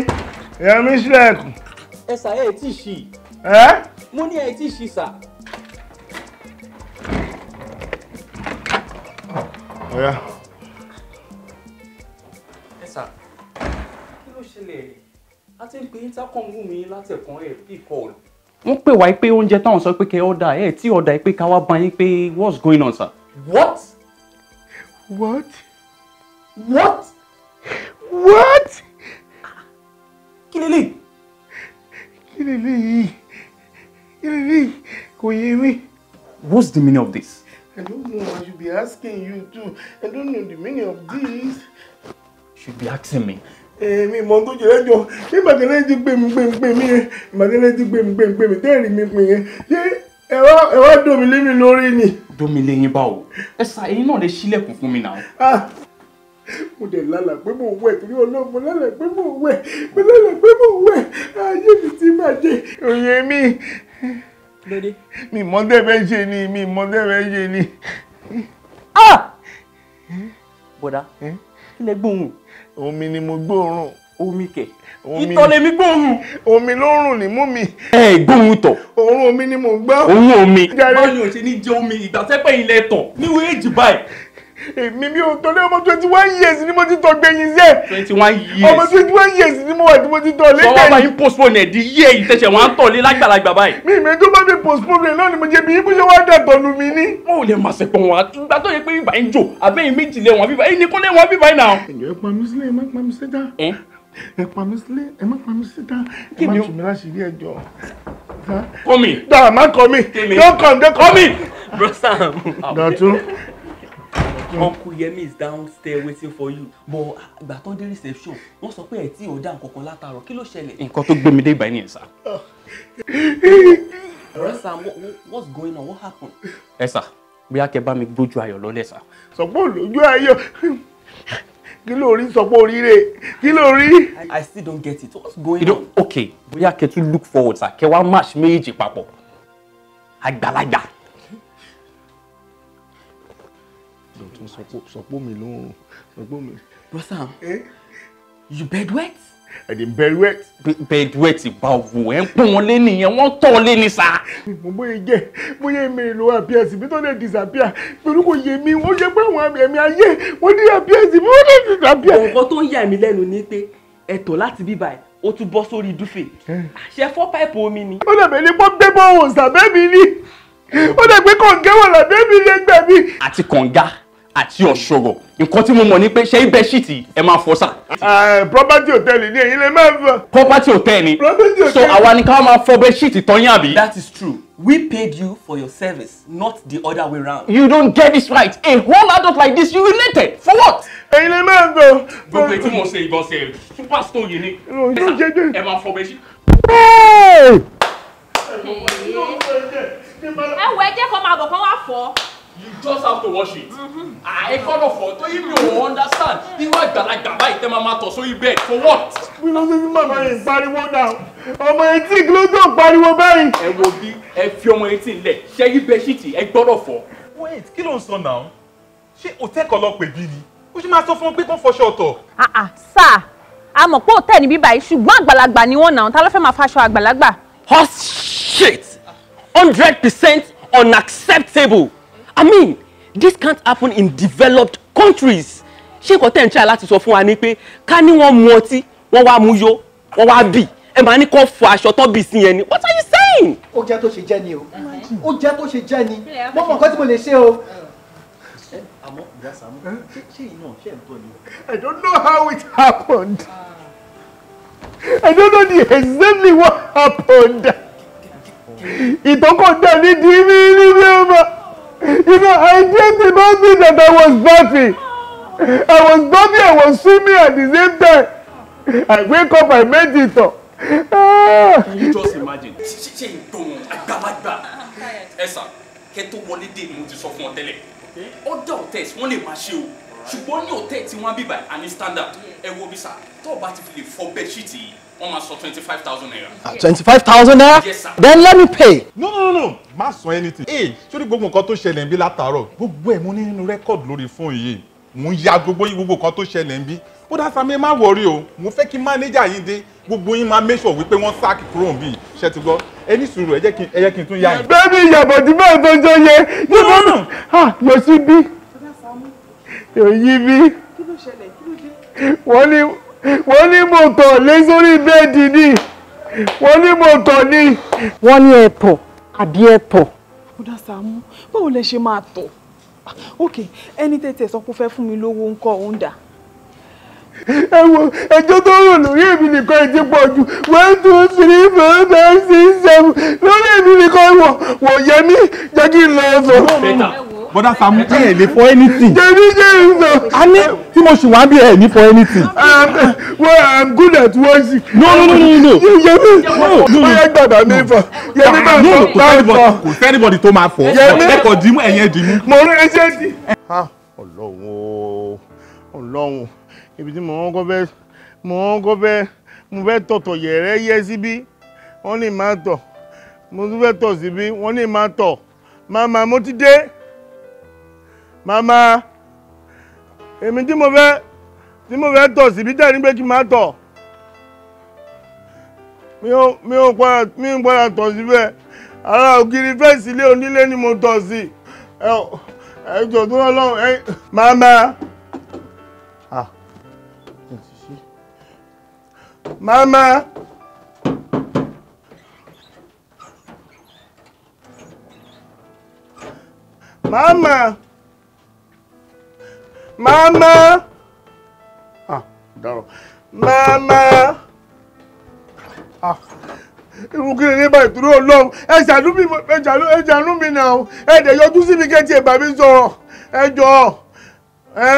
Speaker 1: Yẹmí sílẹ̀kùn. Ẹ sà ẹ tí ì ṣí.
Speaker 4: Ẹ. Mo ní ẹ tí ì ṣí sà.
Speaker 1: Ọ̀ya. Ẹ
Speaker 4: sà kí ló ṣẹlẹ̀? A ti ń pe com wù mí látẹ̀kọ́ ẹ̀ bí kọ́ọ̀lù wọ́n pè wá pé oúnjẹ táwọn sọ pé kẹ́ ọ̀dà ẹ̀ tí ọ̀dà pé ká bá yín pé what's going on sir.
Speaker 1: what. what. what. what. kí lè lè. kí lè lè yìí kí lè lè kò yé mi.
Speaker 4: what's the meaning of this.
Speaker 1: I don't know. I should be asking you too. I don't know the meaning of this. You
Speaker 4: should be asking me
Speaker 1: èmi mọ tó jẹ lẹjọ bí màkàlẹ ti gbé mi gbé mi gbé mi yẹn màkàlẹ ti gbé mi gbé mi gbé mi tẹ́ẹ̀rì mi pè yẹn ṣé ẹwà ẹwà domi lé mi lórí ni. domi lé yín
Speaker 4: báwo ẹ sà ẹ̀yin náà lè ṣílẹ̀kùn fún mi náà
Speaker 1: ah, mo dẹ̀ lálàá pé mo wẹ̀ torí ọlọ́mọ lálàá pé mo wẹ̀ mo lálàá pé mo wẹ̀ ayé mi ti máa jẹ. òye mi mi mọ dẹ́fẹ́ ṣe ni mi mọ dẹ́fẹ́ ṣe ni. Ah! Hmm? bọ̀dá hmm? kí lẹ gbóhùn omi ni mo gbóòórùn. omi kẹ̀ ìtọ̀ lèmi gbóòórùn. omi ló rùn ní mú mi. ẹ gbóòórùn tọ̀. òórùn omi ni mo gbọ́. òórùn omi. báyọ̀ ṣe ní jẹ omi ìgbà sẹ́pẹ̀ ilẹ̀ tọ̀ níwèé èjì báyìí èmi mi ò tọ́lé ọmọ twenty one years ni mo ti tọ́ gbẹ̀yìn sẹ́. twenty one years ọmọ twenty one years ni mo wà tí mo ti tọ́ lé gbẹ̀yìn. sọ wá báyìí postpone ẹ̀ di yé ìtẹ̀sẹ̀ wọn á tọ̀ lé
Speaker 6: lágbàlagbà báyìí.
Speaker 1: mi ìmẹ̀ tó bá mi postpone ẹ̀ náà ni mo jẹ bí ibùsọ̀ wá dàtọ̀ lu mi ní. wọn ò lè máa ṣe pọ̀ wọn ìgbà tó yẹ pé bíbá ń jò àbẹ́yìn méjì lé wọn bíbá ẹni kọ́lé wọn bíbá náà.
Speaker 6: ẹ̀jọ̀ ẹ pa mí sílẹ̀
Speaker 5: ẹ má
Speaker 1: pa mí síta ẹ pa mí sílẹ̀ ẹ má pa mí síta ẹ má tù mí láṣìírí ẹjọ́. kọ́mi. dàrá má kọ́mi. don't come don't come. bro sam.
Speaker 7: dọ̀tún
Speaker 4: uncle yemi is downstairs waiting for you but ah, ìgbà tó dé reception wọ́n sọ pé ẹ̀ tí ò dá nǹkan kan látàárọ̀ kí ló ṣẹlẹ̀. nǹkan tó gbé
Speaker 7: mi dé ìbàyẹn nìyẹn sá.
Speaker 4: ọ̀rẹ́ sá what's going on what happened. ẹ sá bóyá kẹ bá mi gbójú ayọ̀ lọ́lẹ̀ sá. sọ̀pọ̀
Speaker 1: lójú ayọ̀ kí ló rí sọpọ oríire
Speaker 4: kí ló rí. i still don't get it what's going you on. okay bóyá kẹ tún look forward sá kẹ wá match méjèèjì papọ̀ àgbàlagbà.
Speaker 7: Dọ̀tún sọpọ́ mi ló ń rùn mi.
Speaker 5: Brosa, eh? you bed wet?
Speaker 1: Ẹ dey bed wet. Bed wet ìgbà òwò ẹ̀ ń
Speaker 5: pọ́n wọn lé
Speaker 4: nìyẹn, wọ́n tọ́ ọ lé ní sa.
Speaker 1: Mo bóyá jẹ́ bóyá èmi ìlú àbíẹ̀sì mi tó lè disappear
Speaker 4: pẹ̀lú kò yé mi, ó yẹ pé àwọn ẹ̀mí ayé wọ́n ní àbíẹ̀sì mi wọ́n lè disappear. Nǹkan tó ń yà mí lẹ́nu ni pé ẹ̀tọ́ láti bíbá ẹ̀ ó tún bọ́ sórí dúfè. Eh?
Speaker 5: Ṣé fọ́ páìpù omi ni?
Speaker 1: Ó lè bẹ̀rẹ̀ pọ́ gbé bọ́ òòsàn bẹ́ẹ̀ mi ni ó dẹ̀ kọ̀ǹgá wà lábẹ́ mi lẹ́gbẹ̀ẹ́ mi.
Speaker 7: àti kọ̀ǹgá àti ọ̀ṣọ̀rọ̀ nǹkan tí mo mọ̀ ni pé ṣé ibẹ̀ ṣì tí ẹ máa fọ sá.
Speaker 1: Ah, property hotel ni èyí lè máa fọ. property hotel ni so àwa ni
Speaker 7: ká máa
Speaker 4: fọ bẹ́ẹ̀ ṣì tán yàbí. that is true we paid you for your service not the other way round. you don't get this right a whole adult like this you related for what. èyí lè máa fọ. gbogbo etí mo ṣe ìgbọ̀nsẹ̀ super story ni ẹ máa fọ bẹ́ẹ̀ ṣì.
Speaker 2: ẹ wọ ẹ jẹ́ kó máa bọ̀ kó wá fọ́
Speaker 4: you just have to wash it. àìkọ́nọ̀fọ̀
Speaker 2: tó yí mi you
Speaker 4: understand The irú àgbàlagbà báyìí tẹ́ máa ma tọ̀ you bed for what.
Speaker 1: mi ló fi fi màmá yẹn pariwo náà ọmọ etí ló tó
Speaker 6: pariwo báyìí. ẹ wo bí ẹ fi ọmọ etí lẹ ṣe yí bẹṣítì ẹ gbọ́dọ̀ fọ̀. wait kill on ń now. She will take a lọ with Billy. ni ó ṣe máa sọ for wọn pé Ah ah,
Speaker 2: sir. I'm a mọ̀ pé òtẹ́ níbí báyìí ṣùgbọ́n àgbàlagbà ni wọ́n náà ta ló fẹ́ máa faṣọ balagba. Hush, oh, shit
Speaker 4: hundred percent unacceptable. I mean this can't happen in developed countries ṣé nǹkan tẹ̀ ń tíra láti sọ fún wa ni pé ká ní wọ́n mu ọtí wọ́n wá mu yó wọ́n wá bì ẹ máa ní kó fọ aṣọ tó bì sí yẹn ni what are you saying. ó jẹ́ tó ṣe jẹ́ ni o ó jẹ́ tó ṣe jẹ́ ni mo mọ̀ nǹkan tí mo lè ṣe o.
Speaker 1: àmọ́ ìyá Sàámú ṣé iná ṣe ń tọ́ ni. I don't know how it happened. I don't know the exactly what happened. ìtọ́kọ̀ dá ní dìímí ní bí You know, I just did not that I was dirty. I was dirty, I was swimming at the same time. I wake up, I made it up. Ah. Can you just
Speaker 4: imagine? Ṣé ìdòwò àgbàlagbà ẹ̀sà kẹ́ tó wọlé dé ni mo ti sọ fún ọ tẹ́lẹ̀. Ọ̀dà hotels wọ́n lè máa ṣe o.
Speaker 6: Ṣùgbọ́n ní hòtẹ́ẹ̀lì standard ẹ wo bí sà tó o bá ti fi lè fọ bẹ́ẹ̀ṣíìtì wọ́n máa sọ twenty five thousand naira. Ah, twenty five thousand naira? yes sir. then let me pay. no no no no má sọ anything. ee eh, sórí gbogbo nǹkan tó ṣẹlẹ̀ ń bí látàárọ̀ gbogbo ẹ̀ mo ní nínú rẹ́kọ̀dì lórí fóònù yìí mo ń ya gbogbo yín gbogbo nǹkan tó ṣẹlẹ̀ ń bí ó dá sami má wọrí o mo fẹ́ kí mánéjà yín dé gbogbo yín máa make sure wípé wọ́n sáàkì kúrò ń bí ṣe ti gbọ́ ẹni sùúrù ẹ jẹ́ kí n tún yá yín. bẹ́ẹ̀ni ìyàbọ̀ tí bẹ́ẹ̀ tó jọ yẹ yóò
Speaker 1: yọ sí bí yóò yí bí wọ́n ní wọ́n ní mo tọ̀ lé sórí bẹ́ẹ̀dì ni wọ́n ní mo tọ̀ ni.
Speaker 4: wọ́n ní ẹ̀tọ̀ àbí ẹ̀tọ̀.
Speaker 5: kódà Sàámú báwo lẹ ṣe máa tọ̀ ok ẹni tètè sọ pé ó fẹ́ fún mi lówó ń kọ́ òun dà. ẹ
Speaker 1: wo ẹjọ́ tó rò lórí èmi nìkan ẹ ti pọ̀ jù one two three four five six seven lórí èmi nìkan wọ̀ wọ̀ yẹ jẹ́ kí n lọ sọ bọ́dá Sàámú ẹ̀ lè fọ anything. jẹ́ni jẹ́ni sọ. a ní tí mo ṣì wá bí ẹ̀ ní fọ anything. Um,
Speaker 6: well i'm good at worship. no no no no no. yẹmi báyà gbàgbà mi fọ yẹmi bá fọ bá fọ. kò sẹ́nibọ̀dì tó máa fọ ẹ̀kọ́ dìímú ẹ̀yẹ dìímú. mo rí
Speaker 1: ẹsẹ̀ di. ọlọ́run o ọlọ́run ibi tí mo ń kọ́ bẹ́ẹ̀ mo ń kọ́ bẹ́ẹ̀ mo fẹ́ tọ̀tọ̀ yẹ̀rẹ́ yẹ síbí wọ́n ní máa tọ̀ mo fẹ́ tọ̀ síbí wọ́n ní máa tọ̀ màmá mo ti dé. mama, emi tí mo fẹ́ tí mo fẹ́ tọ̀ síbi tẹ̀ pé kí n má tọ̀ mi ò mi ò padà mi ò padà ara ògiri fẹ́ǹsì ilé onílé ni mo tọ̀ sí ẹ ẹ jọ tó lọ́wọ́ ẹ Mama! Ah, dárò. Mama! Ah, irun kí ni ní báyìí torí ọlọ́run ẹ ṣàánú mi ẹ ṣàánú ẹ ṣàánú mi náà ẹ dẹ̀ yọjú sí mi kẹ́tì ẹ̀bà mi sọ̀rọ̀ ẹ jọ ẹ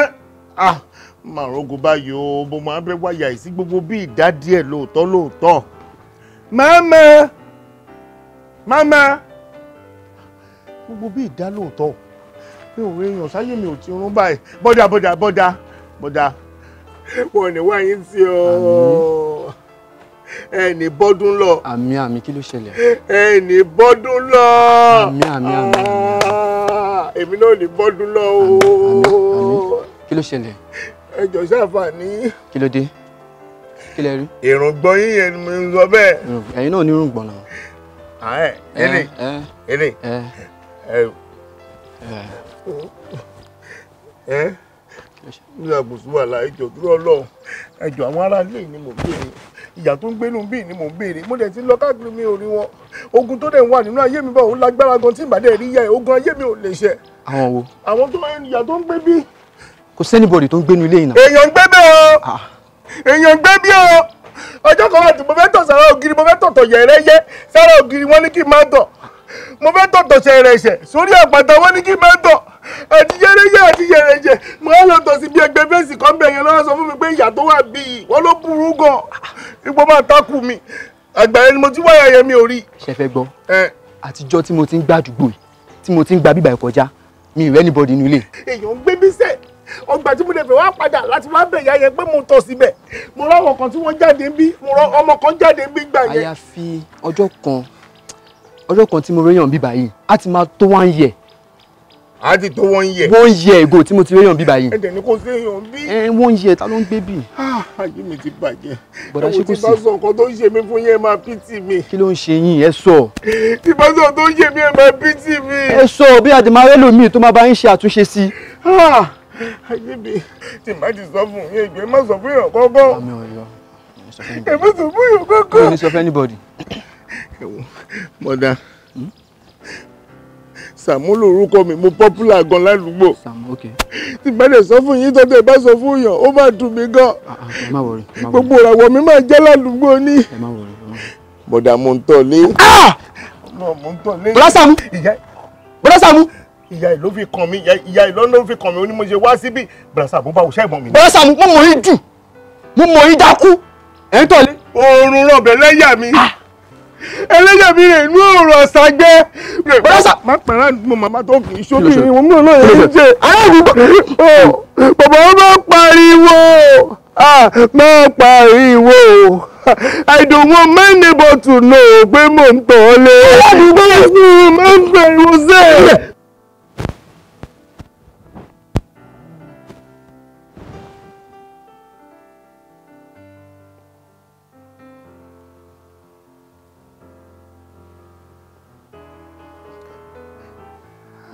Speaker 1: ah máa rogo báyìí o mo máa bẹ wáyà yìí sí gbogbo bí ìdá díẹ̀ lóòótọ́ lóòótọ́ Mama! Mama! gbogbo bí ìdá lóòótọ́ mi ò rí sáyé mi ò ti rún báyìí bọ́dà bọ́dà bọ́dà bọ́dà wọn ní wá yín sí ọ ẹnì bọ́dún lọ. àmì àmì kí ló ṣẹlẹ̀. ẹnì bọ́dún lọ. àmì àmì àmì. èmi náà ní bọ́dún lọ o. kí ló ṣẹlẹ̀. ẹ jọ ṣàǹfààní.
Speaker 7: kí ló dé kí lẹ rí. èròǹgbọ̀n yín yẹn ni ń sọ bẹ́ẹ̀. ẹ̀yin náà ní irùngbọ̀n náà.
Speaker 1: ẹ ẹ ẹ ẹ ẹ ẹ ní àgùsù wàhálà ẹjọ dúró Ọlọ́run ẹjọ àwọn aráalé ni mò ń béèrè ìyà tó ń gbénu bíi ni mò ń béèrè mo dẹ̀ ti lọ káàkiri mi ò rí wọn ogun tó dẹ̀ ń wà nínú ayé mi báwo lágbára gan tí ìbàdàn rí yá ẹ ogun ayé mi ò lè ṣe. àwọn wo. àwọn tó ìyà tó ń gbé bí.
Speaker 7: kò sẹ́nibọ̀dì tó ń gbénu ilé yìí náà.
Speaker 1: èèyàn ń gbé bẹ́ẹ̀ o ah. èèyàn ń gbé bí o ọjọ́ kan wà mo fẹ́ tọ̀ sára ògiri mo fẹ́ tọ̀tọ̀ yẹ̀rẹ́ sára ògiri wọ́n ní kí n máa tọ̀ mo fẹ́ tọ̀tọ̀ ṣẹ̀rẹ̀ṣẹ̀ sórí àpáta wọn ní kí n máa tọ̀ àti yẹ́rẹ́yẹ́ àti yẹ̀rẹ̀jẹ̀ mo á lọ tọ̀ sí bí ẹgbẹ́ fèsì kan bẹ̀yẹn lọ́wọ́ sọ fún mi pé ìyà tó wà bíi wọ́n ló burú gan ipò máa takù mi àgbà ẹni mo ti wáyà yẹn mi ò rí.
Speaker 7: ṣe fẹ́ gbọ́ àtijọ́ tí mo ti ń gbàdúgbò yìí tí mo ti ń gba bíbà ẹ̀ kọjá mi ìrẹ́ anybody nílé.
Speaker 1: èèyàn ń gbé bísẹ̀ ọgbà tí mo lè fẹ́ wá padà láti wá bẹ̀ yá yẹn pé mo tọ̀ síbẹ̀ mo rọ àwọn kan tí wọ́n jáde ń bí mo rọ ọmọ kan jáde ń bí gbà yẹn. àyàfi
Speaker 7: ọjọ́ kan ọjọ́ kan tí mo réyàn bíbá yìí á ti máa tó one year.
Speaker 1: á ti tó one
Speaker 7: year. one year ago tí mo ti réyàn bíbá yìí. ẹ̀dẹ̀
Speaker 1: ni kò séyàn bí.
Speaker 7: ẹ one year ta ló ń gbé bì.
Speaker 1: Ah, ayé mi ti bàjẹ́. bọ̀dá ṣe kò sí. ìbáṣọ nǹkan tó ń ṣe mí fún yẹn máa pítì mi. kí ló
Speaker 7: ń ṣe yín ẹ sọ.
Speaker 1: ìbáṣọ tó ń ṣe mí ẹ máa pítì mi.
Speaker 7: ẹ sọ bí àdèmáré lòmíì tó máa bá yín ṣe àtúnṣe sí ah,
Speaker 1: ayé mi tí màá ẹ má sọ fún yàn kọ́kọ́. ẹ má sọ fún anybody mọ̀dà sàmúlò orúkọ mi mo popular gan ládùúgbò tí bẹ́ẹ̀ sọ fún yín tọ́tẹ̀ bá sọ fún yàn ó máa dùn mí gan ah,
Speaker 3: ah, gbogbo
Speaker 1: ìràwọ̀ mi máa jẹ́ ládùúgbò ní mọ̀dà mo ń tọ̀ lé. bọ́lá Sàámú bọ́lá Sàámú ìyá ẹ̀ ló fi kàn mí ìyá ẹ̀ lọ́nà ló fi kàn mí ó ní mo ṣe wá síbí brasa àbúbá òṣà ìbọn mi. brasa mo mọ̀ yín jù mo mọ̀ yín dákú ẹ̀ ń tọ̀lé. oorun rọ̀bẹ̀ lẹ́yà mi. Ah! ẹlẹ́jẹ̀ mi rè inú ọ̀rọ̀ ṣàgbẹ́. bọ́dá sà. má pẹ̀lá mo màmá tó kì í ṣókè ní òun náà yẹn ń jẹ. bàbá wọn máa pariwo máa pariwo I don't want my neighbor to know pé mò ń tọ́ lé. bàbá gbọ́dọ̀ fún mi máa ń pariwo sẹ́ẹ̀.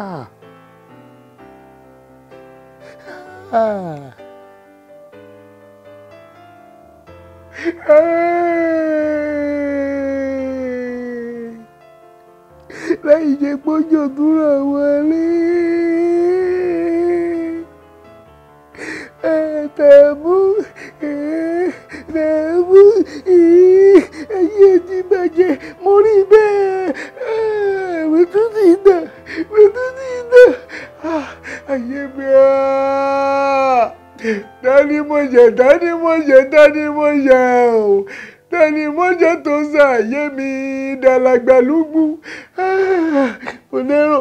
Speaker 1: Ah. Ah. lẹ́yìn jẹ́ gbójú òdúrà wọlé ẹ̀ẹ́dẹ̀mú ẹ̀ẹ́ bẹ̀rù ẹ̀yìn ẹ̀dí bàjẹ́ mo rí bẹ́ẹ̀ wẹ́tú ti dà wẹ́tú ti dà ayé mi dání mo jẹ dání mo jẹ dání mo jẹ o dání mo jẹ tó ń sàyé mi dàlágbà lúgbú mo lérò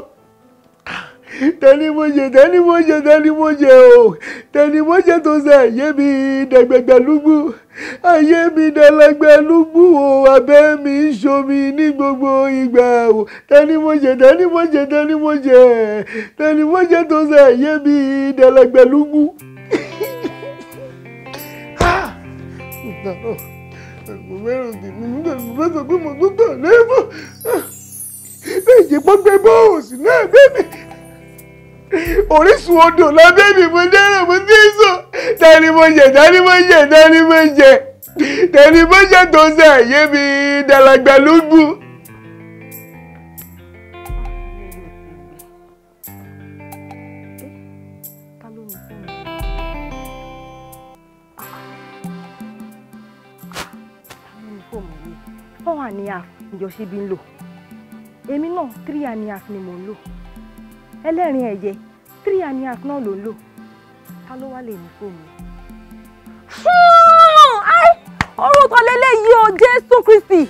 Speaker 1: tẹni mo jẹ tẹni mo jẹ tẹni mo jẹ o tẹni mo jẹ tó sẹ yé mi dẹgbẹgbẹlúgbù ayé mi dẹlẹgbẹlúgbù o abẹ mi ń ṣomi ní gbogbo ìgbà o tẹni mo jẹ tẹni mo jẹ tẹni mo jẹ tẹni mo jẹ tó sẹ yé mi dẹlẹgbẹlúgbù. mo fẹ́ràn tèmi nígbà tí mo fẹ́ sọ pé mo tó tọ̀ lẹ́fọ̀ bẹ́ẹ̀ jẹ́ pọ́npẹ́ bọ́ọ̀sì náà bẹ́ẹ̀ mi orísun odò lábẹ́ ni mo dẹ́rẹ̀ mo dé sọ dání mo jẹ dání mo jẹ dání mo jẹ dání mo jẹ tó ṣe àyè mi dàlàgbà ló gbù.
Speaker 2: four and a half ìjọsí bí ń lò èmi náà three and ni mò ń lò ẹlẹ́rìn ẹ̀yẹ three aniak náà ló ń lò ta ló wá lè mú fóònù. ai orúkọ lélẹ́yìí o Jésù Kristi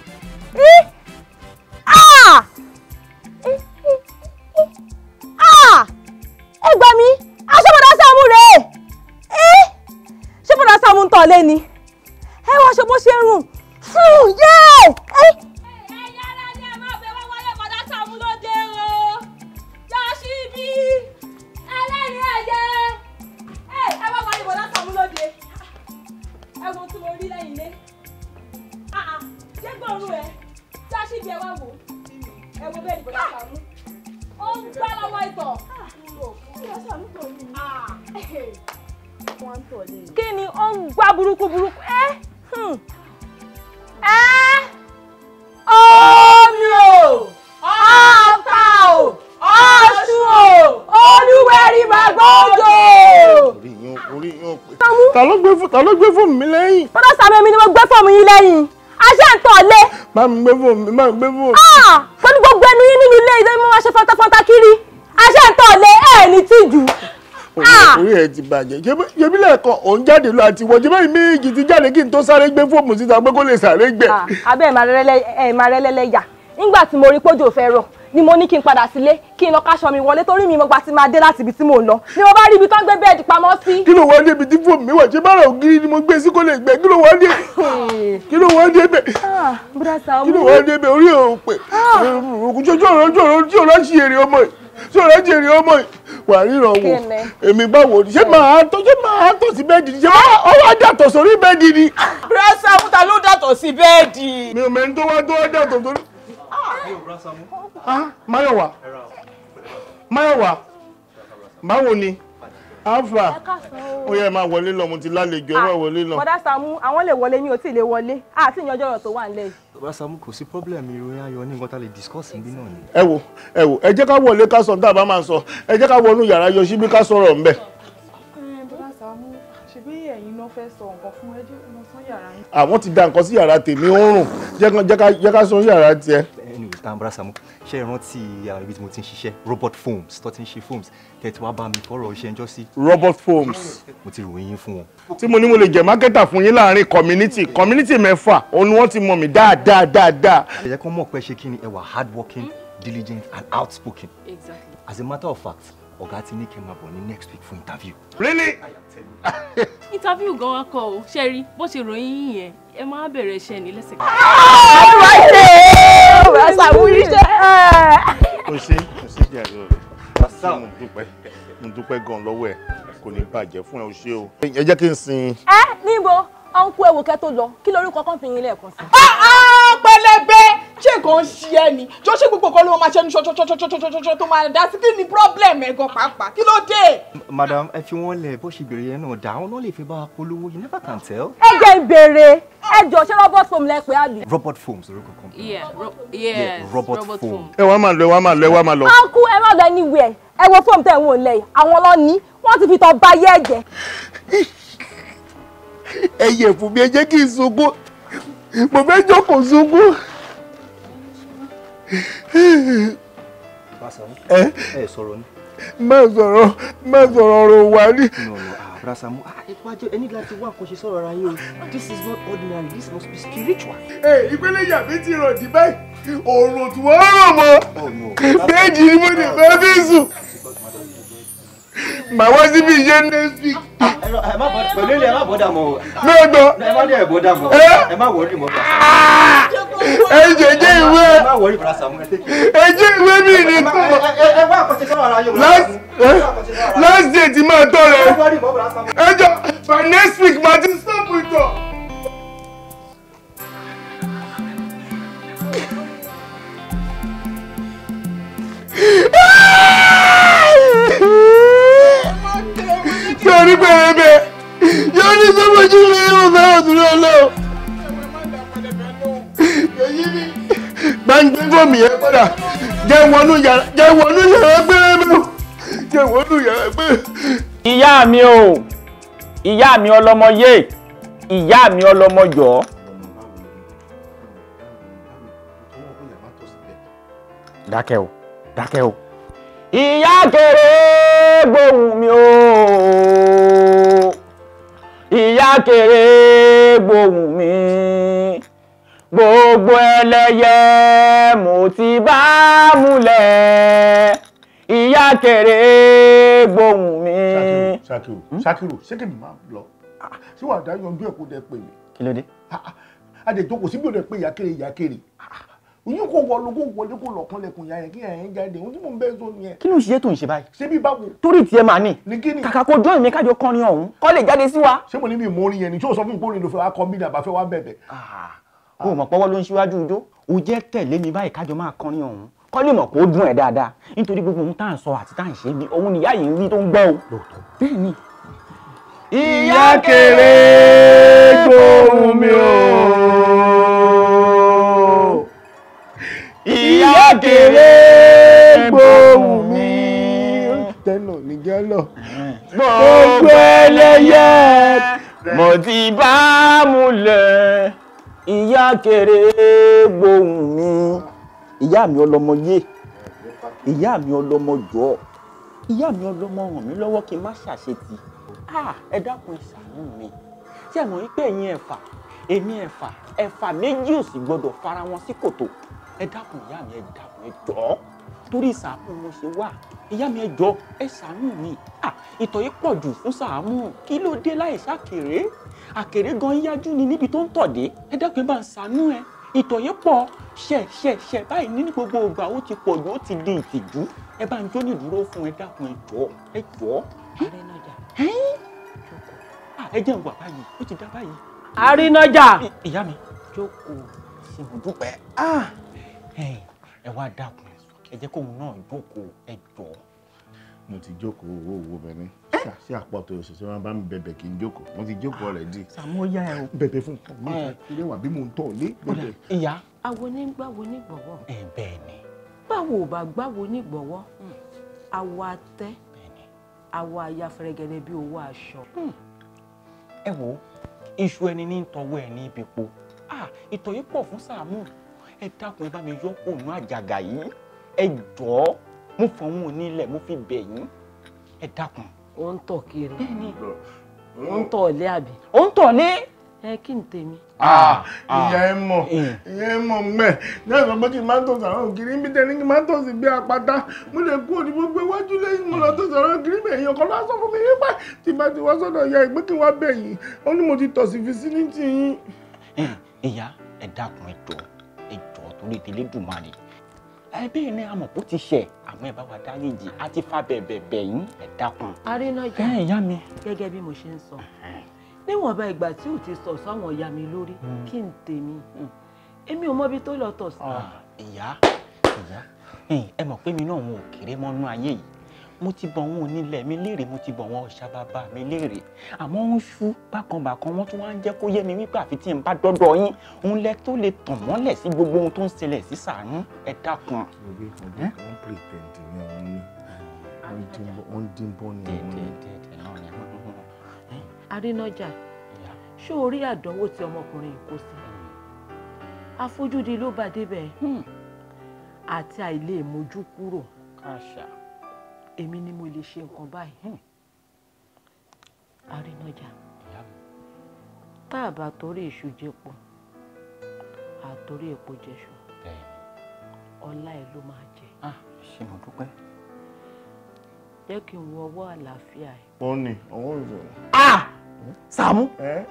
Speaker 2: ẹ gbà mí aṣọ́bọ̀dá Sàámú rèé ṣé bọ̀dá Sàámú ń tọ̀ lé ni ẹ wá ṣe bó ṣe ń rùn fún yẹ́ẹ̀. ń gbé fóònù mi má ń gbé fóònù. Ah! pẹ̀lú gbogbo ẹnu yín nínú ilé ìdánimọ̀ wá ṣe fọntafọnta kiri aṣẹ́ ìtọ́lẹ̀ ẹ̀ ní tìjú
Speaker 1: ah! orí ẹ ti bàjẹ́ ṣebí
Speaker 2: lẹ́ẹ̀kan òun jáde lọ àti wọ́n jẹ́bẹ́ méjì ti jáde kí n tó sáré gbé fóònù síta pé kó lè sáré gbẹ. Ah! abẹ́ ẹ̀ máa rẹ́lẹ́yà nígbà tí mo rí pójò fẹ́ ni mo ní kí n padà sílé kí n lọ káṣọ mi wọlé torí mi mo gba ti máa dé láti ibi tí mò ń lọ ni mo bá rí ibi tó ń gbé bẹ́ẹ̀dì pamọ́ sí. kí ló wọ́n dé ibi tí fóònù mi wà ṣé bára ògiri ni mo gbé sí kó lè gbẹ kí
Speaker 1: ló wọ́n kí ló wọ́n dé kí ló wọ́n dé bẹ́ẹ̀
Speaker 3: ah,
Speaker 1: orí òpè ah. òkùnjọ́jọ́rọ́ jọ̀rọ̀ ṣe èrè ọmọ yìí ṣọ̀rọ̀ jèrè ọmọ yìí wà ríran wò èmi báwo ṣé màá tó ṣé màá tó sí bẹ́ẹ̀dì ṣé ó wá dàtọ̀ sórí bẹ́ẹ̀dì ni. bírẹ́sà fúta ló dàtọ̀ sí bẹ́ẹ̀dì. mi ò mẹ́ni tó wá tó wá dàtọ̀ sórí. Máyọ̀wá Máyọ̀wá báwo ni alpha ó yẹ máa wọlé lọ mo ti lálejò ẹ wá ah, wọlé lọ. bọ́dá
Speaker 2: Sàámú àwọn lè wọlé mi ò tí ì lè wọlé àti ìyànjọ́ ọ̀rọ̀ tó wà ń lẹ̀.
Speaker 1: bọ́dá Sàámú kò sí pọ́blẹ̀mù ìròyìn ayọ̀ ní nǹkan tá a lè discuss níbí náà ni. ẹ wo ẹ wo ẹ jẹ́ ká wọlé ká sọ dábàá máa sọ ẹ jẹ́ ká wọnú yàrá yọ síbí ká sọ̀rọ̀ ńbẹ̀.
Speaker 5: Eh, bọ́dá Sàámú ṣebí ẹ̀yin náà fẹ́ sọ
Speaker 1: àwọn ah, ti da nǹkan sí yàrá tèmi ó ń ká sọ yàrá
Speaker 6: tiẹ̀. Ambra Sàámú ṣe ìrántí ibi tí mo ti ń ṣiṣẹ́ robot foams tó ti ń ṣe foams tẹ̀tí wá bá mi fọ́rọ̀ iṣẹ́ ẹjọ́ sí.
Speaker 1: robot foams.
Speaker 6: mo ti ròyìn fún wọn.
Speaker 1: tí mo ní mo lè jẹ́ mákẹ́tà fún yín láàárín
Speaker 6: community community mẹ́fà òun ni wọ́n ti mọ̀ mí dáadáa dáadáa. ẹ̀yẹ́ kan mọ̀ pé ṣe kí ni ẹ wà hardworking hmm? diligent and outspoken. as a matter of fact ọ̀gá ti ní kí n máa bọ̀ ní next week fún interview. really.
Speaker 2: <laughs> interview gan wa kọ o ṣe rí bó ṣe ròyìn yín yẹn ẹ máa bẹ̀rẹ̀ iṣẹ́ ní lẹ́sẹ̀.
Speaker 6: àdúrà ṣe é rasa wúrí ṣe. kò ṣe kò ṣe jẹ àrò rẹ rasa mo dúpẹ́ mo
Speaker 1: dúpẹ́ gan lọ́wọ́ ẹ kò ní bàjẹ́ fún ẹ o ṣe o. ẹ jẹ́ kí n sin. ẹ
Speaker 2: níbo ọ̀nkú ẹ̀wò kẹ́ tó lọ kí lórúkọ kan fi yín lẹ́ẹ̀kan sí. Ah, ah, pẹlẹbẹ ṣé nǹkan ń ẹ ni jọ ṣé gbogbo kan ló máa ṣẹnu ṣọṣọṣọṣọṣọṣọ tó máa dá sí kí ni problem ẹ gan pàápàá kí ló dé.
Speaker 6: madam ẹ fi wọn lẹ bó ṣe béèrè yẹn náà dá wọn náà lè fi bá a polówó you never can tell.
Speaker 2: ẹ jẹ́ ìbéèrè ẹ jọ ṣé robot foam lẹ pé àbí.
Speaker 6: robot foam orúkọ
Speaker 2: kan. yeah robot
Speaker 1: foam. ẹ wàá máa lọ ẹ wàá máa lọ ẹ wàá máa lọ.
Speaker 2: uncle ẹ má lọ anywhere ẹ wo foam tẹ ẹ wọn lẹ àwọn lọ ní wọn ti fi tọ bá yẹ ẹjẹ. ẹ fún mi ẹ jẹ́ kí n sunkún mo fẹ́ jókòó sunkún.
Speaker 1: Eh? Eh,
Speaker 2: má sọ̀rọ̀
Speaker 1: má sọ̀rọ̀ ọ̀rọ̀ wa rí.
Speaker 4: Rasamu, ìpàjọ
Speaker 3: ẹni láti wá àkànṣe sọ̀rọ̀ ara yín This
Speaker 1: is not ordinary, this must be spiritual. Ẹ ìpínlẹ̀ yàbí ti rọ̀ dì báyìí, òòrùn tí wọ́n rọ̀ mọ́. Béèjì oh, ni mo lè ah. fẹ́ fi sùn màá wá síbi iye next week.
Speaker 5: Ah, pẹ̀lú ilé ẹ má bọ́ mọ́ o. ẹ má
Speaker 6: ní ẹ̀ bọ́ eh? ẹ má wọlé mọ́. Ah ẹjẹ jẹ ìwé
Speaker 7: ẹjẹ
Speaker 2: ìwé mi ni last eh, day
Speaker 1: ti máa tọ́ rẹ ẹjọ by next week ma ti stop ìtọ̀. sọ ní pẹ̀lẹ́pẹ̀ yóò ní sọ́mọ́jú mi yóò fẹ́ òdúró lọ́wọ́. gbàǹgbé fóònù yẹn padà jẹ́ wọnú yàrá jẹ́ wọnú yàrá gbére jẹ́ wọnú yàrá gbére.
Speaker 4: ìyá mi o ìyá mi ọlọmọye ìyá mi ọlọmọjọ. dákẹ́ o dákẹ́ o. ìyá kéré gbóhùn mi o ìyá kéré gbóhùn mi gbogbo ẹlẹ́yẹ mo ti bá múlẹ̀ ìyá kéré gbohùn
Speaker 1: mi. ṣakiru ṣakiru ṣékìlì máa ń lọ ṣé wàá dá yanjú ẹ̀ kó dẹ pè mí. kí ló dé. a lè jókòó síbi ò dẹ pé ìyá kéré ìyá kéré oyún kò wọlé kò wọlé kò lọkàn lẹkùn ìyá yẹn kí ìyá yẹn jáde ohun tí mò ń bẹ́ẹ̀ sọ nìyẹn. kí
Speaker 4: ló ń ṣiṣẹ́ tó ń ṣe báyìí. ṣé bí báwo. torí tiẹ̀ máa ní. ní kí ni. kàkà kó jọ́ ìmí kájọ kọrin ọ̀hún kọ́ lè jáde sí wa. ṣé mo ní bí mo rin yẹn ni tí o sọ fún mi pé orin ló fẹ́ wá kọ́ mí ni àbáfẹ́ wá bẹ̀bẹ̀. Ah o mọ̀ pọ́wọ́ ló ń ṣíwájú ijó o jẹ́ tẹ̀lé mi báyìí kájọ máa kọrin ọ̀hún kọ́ lè mọ̀ pé ó dùn ẹ̀ dáadáa nítorí gbogbo ohun tá à ń sọ àti tá à ń ṣe ni òun nìyá yìí ń rí tó ń gbọ́ o bẹ́ẹ̀ ni. ìyá kéré gbóhùn
Speaker 1: mi o ìyá kéré gbóhùn mi tẹ́lọ̀ ní gẹ́lọ̀
Speaker 4: gbogbo ẹlẹ́yẹ mo ti bá a múlẹ̀ ìyá kéré gbohùn mi ìyá mi ọlọ́mọ yé ìyá mi ọlọ́mọ jọ ìyá mi ọlọ́mọ ràn mí lọ́wọ́ kí n má ṣàṣetì ẹ dákun ẹ mi tí ẹ mọ̀ wípé ẹ̀yin ẹ̀fà èmi ẹ̀fà ẹ̀fà méjì ò sì gbọ́dọ̀ fara wọn sí kòtò ẹ dákun ìyá mi ẹ dákun ẹ jọ̀ọ́ torí sàámù mo ṣe wà ìyá mi ẹ ẹ ṣàánú mi ìtọ̀ yìí pọ̀ jù fún sàámù kí ló dé láì ṣàkèrè àkèrè gan yájú ni níbi tó ń tọ̀ ẹ dákun bá ń ṣàánú ẹ ìtọ̀ yìí pọ̀ ṣẹ̀ṣẹ̀ṣẹ̀ báyìí nínú gbogbo ìgbà ó ti pọ̀ jù ó ti di ìtìjú ẹ bá ń jó ní ìdúró fún ẹ dákun ẹ jọ̀ọ́ ẹ jọ̀ọ́. ẹ jẹ́ ń báyìí ó ti dá báyìí. arínájà ìyá mi jókòó ṣe mo dúpẹ́ ẹ wá dákun ẹ jẹ́ kóun náà jókòó ẹ jọ̀ọ́. mo ti jókòó owó owó
Speaker 1: bẹni ṣe àpọ̀tò òṣìṣẹ́ wọn bá mi bẹ̀bẹ̀ kí n jókòó mo ti jókòó already. Sàámú yá ẹ o. bẹ̀bẹ̀ fún mi ilé wà bí mo ń tọ̀ lé. ìyá.
Speaker 3: àwo ní gbàwo ní gbọ̀wọ́. ẹ bẹ́ẹ̀ ni. báwo ò bá gbàwo ní gbọ̀wọ́ hmm. àwọ̀ atẹ́ àwọ̀ aya fẹ̀rẹ̀gẹ̀dẹ̀ bí owó aṣọ. Hmm.
Speaker 4: ẹ wo iṣu ẹni ní tọwọ́ ẹ ní ibi po ah, ìtọ̀ yìí pọ̀ fún Sàámú ẹ dákun ẹ bá mi yọ òun àjàgà yìí ẹ jọ̀ọ́ mo fọwọn onílẹ̀ mo fi bẹ̀ yín ẹ dákun.
Speaker 3: ó ń tọ̀ kiri ó ń tọ̀ ọ̀lẹ́ àbí. ó ń tọ̀ ní. ẹ kí n tèmi. Ah, ah, ah. ìyá ẹ mọ̀ eh. ìyá ẹ mọ̀ mẹ́ náà sọ pé kí n máa ń tọ̀ sàrán ògiri
Speaker 1: níbi tẹ́ni kí n máa ń tọ̀ sí bí apáta mo lè kú òdìbò gbé wájú lẹ́yìn mo lọ tọ̀ sàrán ògiri bẹ̀ èèyàn kan lọ́wọ́ sọ fún mi nípa tí bá ti wá sọ́dọ̀ ìyá ìgbé kí n wá bẹ̀ yìí ó ní mo ti tọ̀ sí fisílítì yín.
Speaker 4: Eh, ìyá ẹ dákun ẹ jọ̀ọ́ ẹ jọ̀ọ́ torí tẹlẹ dùn máa rè bẹ́ẹ̀ ni amọ̀pọ̀ ti ṣẹ̀ àmọ́ ẹ bá wa dáríjì á ti fa bẹ̀bẹ̀ bẹ̀yìn ẹ̀ dákun.
Speaker 3: arínájà bẹ́ẹ̀ ìyá mi. gẹ́gẹ́ bí mo ṣe ń sọ níwọ̀nba ìgbà tí ò ti sọ sáwọn ìyá mi lórí hmm. kí n tèmi èmi ò mọbi tó lọ tọ̀ sí. Ah, ìyá
Speaker 4: ìyá ẹ mọ̀ pé mi náà wọn ò kéré mọ́nú ayé yìí mo ti bọ̀ wọn onílẹ̀ mi léèrè mo ti bọ̀ wọn ọ̀ṣà bàbá mi léèrè àmọ́ ń ṣú bákan bákan wọ́n tún wá ń jẹ́ kó yé mi wípé àfi tí n bá dọ́dọ̀ yín òun lẹ tó lè tàn mọ́lẹ̀ sí gbogbo ohun tó ń ṣẹlẹ̀ sí Sàánú ẹ dákun.
Speaker 3: arínájà ṣó o rí àdánwò tí ọmọkùnrin yìí kó sí àfojúdi ló bá débẹ̀ hmm. àti àìlè mójú kúrò èmi ni mo lè ṣe nǹkan báyìí àrínájà tá a bá torí èṣù jẹpọ àtòrí èpo jẹṣu ọlá ẹ ló máa jẹ. Ah, ṣé mo dúpẹ́. jẹ́ kí n wọ ọwọ́ àlàáfíà ẹ̀.
Speaker 4: ó ní ọwọ́ ìjọba. Sàámú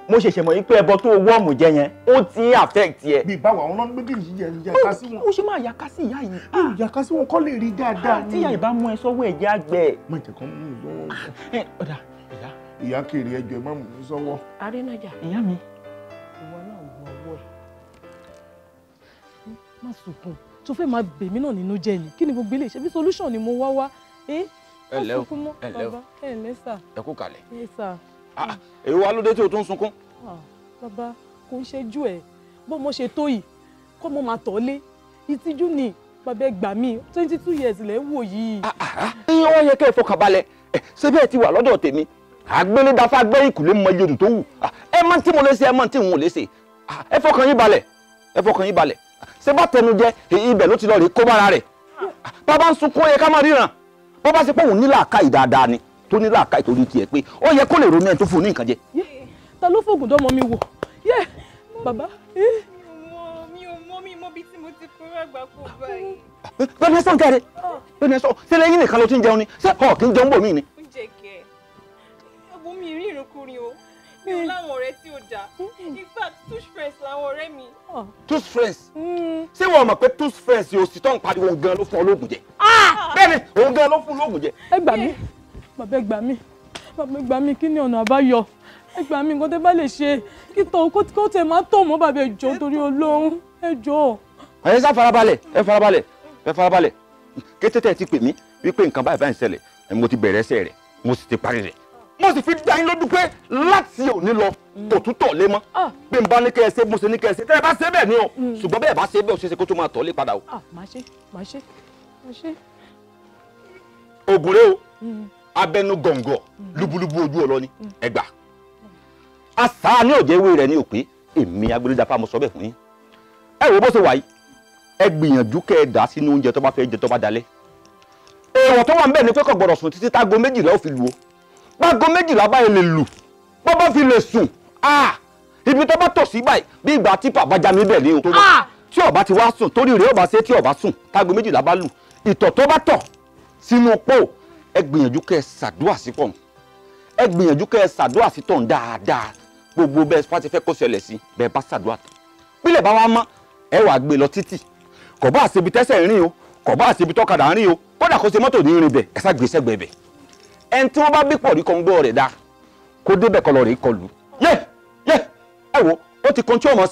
Speaker 4: mo ṣẹ̀ṣẹ̀ mọ̀ pé ẹbọ tó wọ́ọ̀mù jẹ yẹn ó ti ń affect yẹ. bí báwo àwọn ọlọ́run méjì yìí yẹn yàká sí wọn. ó ṣe máa yàká sí ìyá yìí. yàká sí wọn kọ́ lè rí dáadáa ah, ni. tí ìyá yìí bá mú ẹ sọ́wọ́ ẹ̀ jẹ́ àgbẹ̀. má jẹ́ kán mú mi lọ́wọ́. Ah,
Speaker 3: ẹ ọ̀dà
Speaker 1: ìyá. ìyá kiri ẹjọ ẹ má mú mi sọ́wọ́.
Speaker 3: arínájà ìyá mi. ìwọ náà wọ ọwọ́
Speaker 5: ẹ má sunkún tó fẹ́ máa bèmí náà nínú jẹ́ ni mo wá wá ẹ má sunkún mọ́ ẹ kú kalẹ̀ ẹ sà
Speaker 7: Ah, èyí wá lóde tí o tún sunkún.
Speaker 5: Ah, bàbá kò ń ṣẹ́jú ẹ̀ bó mo ṣe tó yìí kọ́ mo máa tọ̀ lé ìtìjú ni bàbá ẹ gbà twenty two years lẹ́ ń wò yìí. Ah, iye wọn yẹ kẹ́ ẹ fọkànbalẹ̀ eh, ṣé bẹ́ẹ̀ ti
Speaker 7: wà lọ́dọ̀ tèmi àgbélédáfá gbé ìkùlé mọ iye tó wù ẹ mọ tí mo lè ṣe ẹ mọ tí n ò lè ṣe ẹ fọkàn yín balẹ̀ ẹ fọkàn yín balẹ̀ ṣé bá tẹnu jẹ ibẹ̀ ló ti lọ rèé kó bára rẹ̀ bàbá ń sunkún ẹ ká má ríran bàbá ṣe pé òun nílà ká ìdáadáa tó ní làákàyè torí tiẹ̀ pé ó yẹ kó lè ronú ẹ̀ tó fún un ní nǹkan jẹ.
Speaker 5: ta ló fòògùn dọ́mọ mi wò yẹ bàbá. mi ò mọ mi mọ bí tí mo ti kúrò àgbà kó báyìí.
Speaker 7: bẹ́ẹ̀ ni sọ́n kẹ́rẹ́ bẹ́ẹ̀ ni sọ́n ṣé lẹ́yìn nìkan ló ti ń jẹun ni ṣé ọ̀ kì í jẹun bò mí ni.
Speaker 5: oúnjẹ kẹ ẹ̀bùn mi rí ìrìnkúrin o mi ò láwọn ọ̀rẹ́ tí ó dà in fact tooth friends làwọn ọ̀rẹ́ mi. tooth friends hmm.
Speaker 7: ṣé wọn mọ̀ pé tooth friends yóò sì tán pariwo
Speaker 5: gan ló fún ọ jẹ. Ah! bẹ́ẹ̀ ni òun gan ló fún lóògùn jẹ. ẹ gbà mí bàbá ẹ gbà mí bàbá ẹ gbà mí kí ni ọ̀nà àbáyọ ẹ gbà mí nǹkan tẹ́ bá lè ṣe kí tọ̀ kó tẹ̀ má tọ̀ mọ́ bàbá ẹ jọ̀ọ́ torí Ọlọ́run ẹ jọ̀ọ́.
Speaker 7: ẹ̀yin sá farabalẹ̀ ẹ farabalẹ̀ ẹ farabalẹ̀ kété tẹ́ ẹ ti pè mí wípé nǹkan báyìí báyìí ń ṣẹlẹ̀ mo ti bẹ̀rẹ̀ ẹsẹ̀ rẹ̀ mo sì ti parí rẹ̀ mo sì fi dá yín lójú pé láti òní lọ kò tún tọ̀ lé mọ́ ah. bí n bá ní kẹ́ ẹ ṣe mo ṣe ní kẹ́ ẹ ṣe tẹ́ bá ṣe bẹ́ẹ̀ ni o hmm. ṣùgbọ́n bẹ́ẹ̀ bá ṣe bẹ́ẹ̀ o ṣeéṣe kó tó máa tọ̀ lé padà o.
Speaker 5: Ah, màá ṣe màá ṣe màá ṣe.
Speaker 7: ògùn rẹ o hmm abẹnú gọ̀ǹgọ̀ mm. lubulubu ojú ọlọ́ni mm. ẹgbà àṣà ní ọ̀jẹ̀ ewé rẹ̀ ní òpè èmi agbẹnudápá mo sọ bẹ́ẹ̀ fún yín ẹ wo bó ṣe wà yìí ẹ gbìyànjú kẹ́ ẹ dà sínú oúnjẹ tó bá fẹ́ jẹ tó bá dalẹ̀ èèwọ̀ tó wà ń bẹ̀ ni pé kò gbọ́dọ̀ sùn títí tágo méjìlá ó fi lù ó gbàgó méjìlá báyìí lè lù bó bá fi lè sùn ibi tó bá tọ̀ sí báyìí bí ìgbà tí bàbá já mi bẹ̀ ní o tó bá tí ọba ti wá sùn torí rèé ọba ṣe tí ọba sùn tágo méjìlá bá lù ìtọ̀ tó bá tọ̀ sínú pò ẹ gbìyànjú kẹ́ ẹ ṣàdúrà sí pọ̀ ẹ gbìyànjú kẹ́ ẹ ṣàdúrà sí tọ̀ dáadáa gbogbo bẹ́ẹ̀ bá ti fẹ́ kó ṣẹlẹ̀ sí bẹ́ẹ̀ bá ṣàdúrà tán pílẹ̀ bá wá mọ́ ẹ wàá gbé lọ títì kò bá àṣebi tẹ́sẹ̀ rìn o kò bá àṣebi tọ́kadà rìn o kódà kó ṣe mọ́tò ní rìn bẹ̀ ẹ ṣàgbé sẹ́gbẹ̀ bẹ̀ ẹn tí wọ́n bá bí pọ̀ rí kan gbọ́ rẹ̀ dá kó débẹ̀ kọ́ lọ rè é kọlù yẹ yẹ ẹ wo ó ti o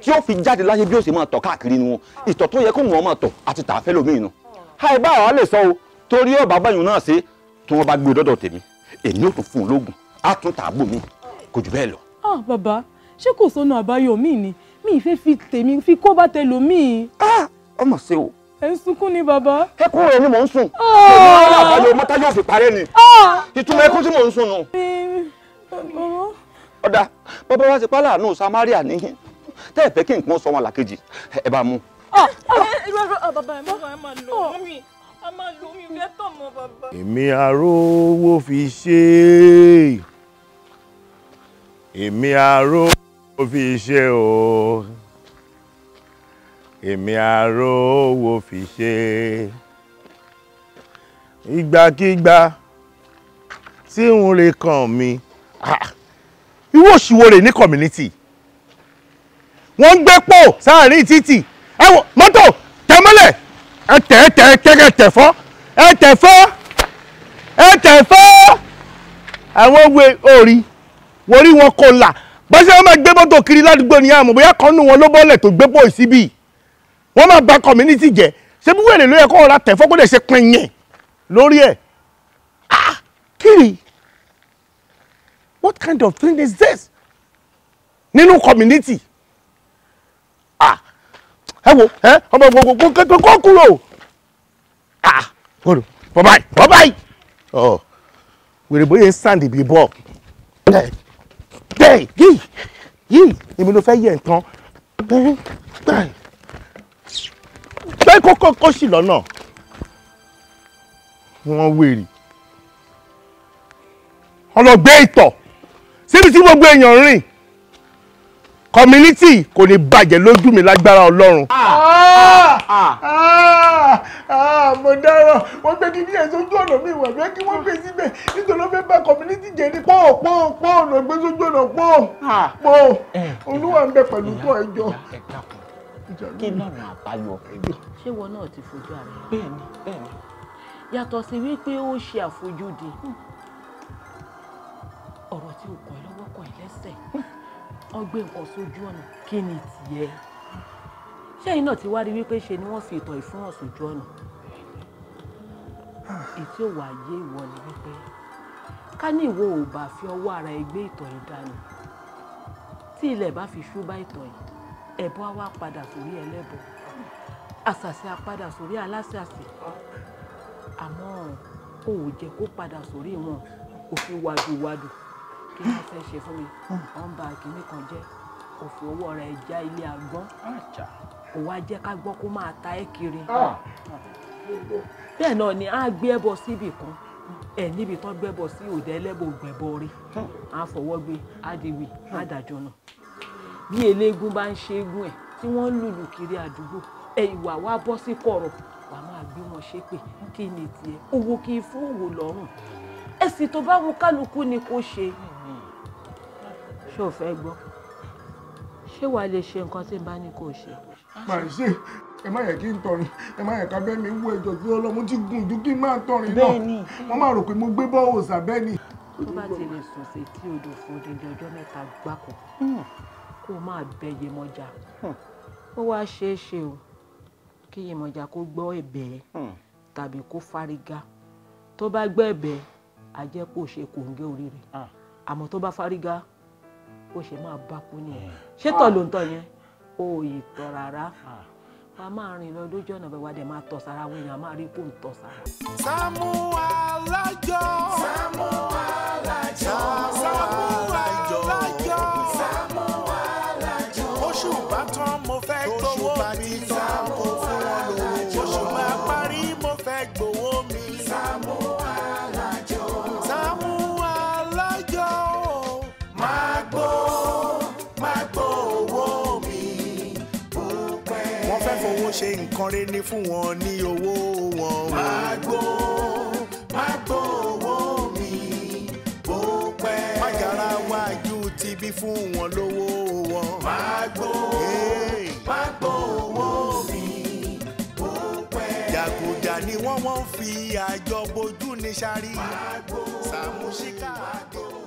Speaker 7: tí ó fi jáde láyé bí ó ṣe máa tọ̀ káàkiri nu wọn ìtọ̀ tó yẹ kó wọn máa tọ̀ àti tààfẹ́ lómìn nu àìbá àwa lè sọ o torí ọba báyìí náà ṣe tí wọ́n bá gbé e dọ́dọ̀ tèmi èmi ò tún fún un lóògùn á tún tààbò mi kò jù bẹ́ẹ̀ lọ.
Speaker 5: ah bàbá ṣé kò sọnà àbáyọ mi ni mi ì fẹ́ fi tèmi fi kó bá tẹlò mi. ah ọmọ ṣe o. ẹ ń sunkún ni bàbá. ẹkún rẹ ni mò ń sùn. Ah.
Speaker 7: ọ̀ọ́ àbáyọ mọ́tá yóò fi parẹ́ ni. Ah. ìtumọ̀ ẹkún tí mò ń sùn nù. ọ̀dà bàbá wa ti pa láàánú samaria ní tẹ́ ẹ fẹ́ kí nǹkan sọ wọn làkejì ẹ bá mú.
Speaker 2: Ah. bàbá ẹ má lọ mọ́mí a máa lo omi ìfẹ́ tọ̀ mọ́ bàbá.
Speaker 7: èmi àrówó fi
Speaker 1: ṣe é èmi àrówó fi ṣe o èmi àrówó fi ṣe ìgbàkígbà tí ń re kàn mí ìwọ ah, òṣìwò ní community wọ́n ń gbé pò sáàrin títì ẹ wò ẹ tẹ̀ ẹ tẹ̀ ẹ kẹ́kẹ́ tẹ̀ fọ́ ẹ tẹ̀ fọ́ ẹ tẹ̀ fọ́ àwọn òwe orí wọ́n rí wọn kò là gbọ́sẹ̀ wọn máa gbé mọ́tò kiri ládùúgbò ní àmọ́ bóyá kan nù wọn ló bọ́lẹ̀ tó gbé bóyì síbí wọ́n máa bà community jẹ́ ṣé bí wèrè ló yẹ kó ọ̀la tẹ̀ fọ́ kó lè ṣe pẹ̀yẹ̀ lórí ẹ̀ ah kiri what kind of thing is this nínú community ẹ wo ẹ ọmọ gbogbo kékeré kó kúrò ah gbọdọ bọba yìí bọba yìí ọ wèrè bóyá sand ibi bọ dẹ yìí yìí èmi ló fẹ́ yẹ nǹkan pé kókó kó sì lọ́nà wọ́n wèrè ọlọ́gbẹ́ ìtọ̀ síbi tí gbogbo èèyàn rìn community kò ní bàjẹ́ lójú mi lágbára ọlọ́run. Ah. Ah. Ah. mo dáràn wọ́n gbé kíní ẹ̀ sójú ọ̀nà mi ìwà bẹ́ẹ̀ kí wọ́n gbé síbẹ̀ nítorí wọ́n fẹ́ bá community jẹ́ ní pọ́ọ̀ pọ́ọ̀ pọ́ọ̀ lọ gbé sójú ọ̀nà pọ́ọ̀ pọ́ọ̀ eh, eh, olúwa
Speaker 3: ń bẹ pẹ̀lú tó eh, ẹjọ́. kí lọ́nà àbáyọ ṣé wọn náà ti fojú àná. bẹ́ẹ̀ni bẹ́ẹ̀ni. yàtọ̀ sí wípé ó ṣe àfojúdi hmm. ọ̀rọ̀ tí ò kọ́ ẹ wọ́n gbé nǹkan sójú ọ̀nà kí ni tiẹ̀ ṣẹ́yìn náà ti wá rí wípé ṣe ni wọ́n fi ìtàn ìfúnhàn sójú ọ̀nà ètí ò wá yé ìwọ ni wípé ká ní ìwọ ò bá fi ọwọ́ ara ẹ gbé ìtàn yìí dànù tí ilẹ̀ bá fi ṣú bá ìtàn yìí ẹ̀bọ á wá padà sórí ẹlẹ́bọ àṣàṣe á padà sórí aláṣàṣe àmọ́ ò jẹ́ kó padà sórí wọn kò wàdùwàdù kí wọ́n fẹ́ ṣe fún mi wọ́n bà kínní kan jẹ́ òfò owó rẹ̀ já ilé agbọ́n kò wá jẹ́ ká gbọ́ kó máa ta ẹ́ kiri ah. bẹ́ẹ̀ náà ni á gbé ẹbọ síbì kan ẹ níbi tó gbẹ́bọ sí òde ẹlẹ́bọ gbẹ̀bọ rí á fọwọ́ gbé ádìwì ádàjọ náà bí eléégún bá ń ṣe égún ẹ̀ tí wọ́n ń lùlù kiri àdúgbò ẹ ìwà wa bọ́ sí kọ̀rọ̀ wàá máa gbé wọn ṣépè kí ni tiẹ̀ owó kì í fún òwò lọ́rùn ẹ̀sìn tó bá wù kálukú ni kò ṣe ṣé o fẹ́ gbọ́ ṣé wàá lè ṣe nǹkan tí n bá ní kó ṣe. màá ṣe ẹ má yẹ kí n tọrin ẹ má
Speaker 1: yẹ ká bẹ́ẹ̀ mi wú ẹjọ́ tí ọlọ́mú ti gùn ju kí n máa tọrin náà wọ́n máa rò pé mo gbé bọ́ọ̀ òòsà bẹ́ẹ̀
Speaker 3: ni. tó bá ti lè sùn sí etí odò fún odindi ọjọ́ mẹ́ta gbáko hmm. kó o máa bẹ Yemọja hmm. ó wá ṣeé ṣe o kí Yemọja kó gbọ́ ẹ̀bẹ̀ hmm. tàbí kó fárígá tó bá gbọ́ ẹ̀bẹ̀ àjẹpọ̀ ṣe kòǹgẹ́ orí ah. àmọ́ tó bá fárígá ó ṣe máa bá kú nìyẹn hmm. ṣé tọ̀ ah. ló ń tọ̀ yẹn ó yìí tọ̀ rárá ah. a máa rìn lọ lójú ọ̀nà bẹ́ẹ̀ wá dẹ̀ máa tọ̀ sára wọn a máa rí kó ń tọ̀ sára. Sàámú
Speaker 1: Alájọ. Sàámú kọ́re ní fún wọn ní owó wọn. Magbo Magbo owó mi bó pẹ́. Má yára wájú ti bí fún wọn lówó wọn. Magbo Magbo owó mi bó pẹ́. Jàgùjà ni wọ́n wọ́n fi àjọ bojú ní sáré. Magbo Magbo.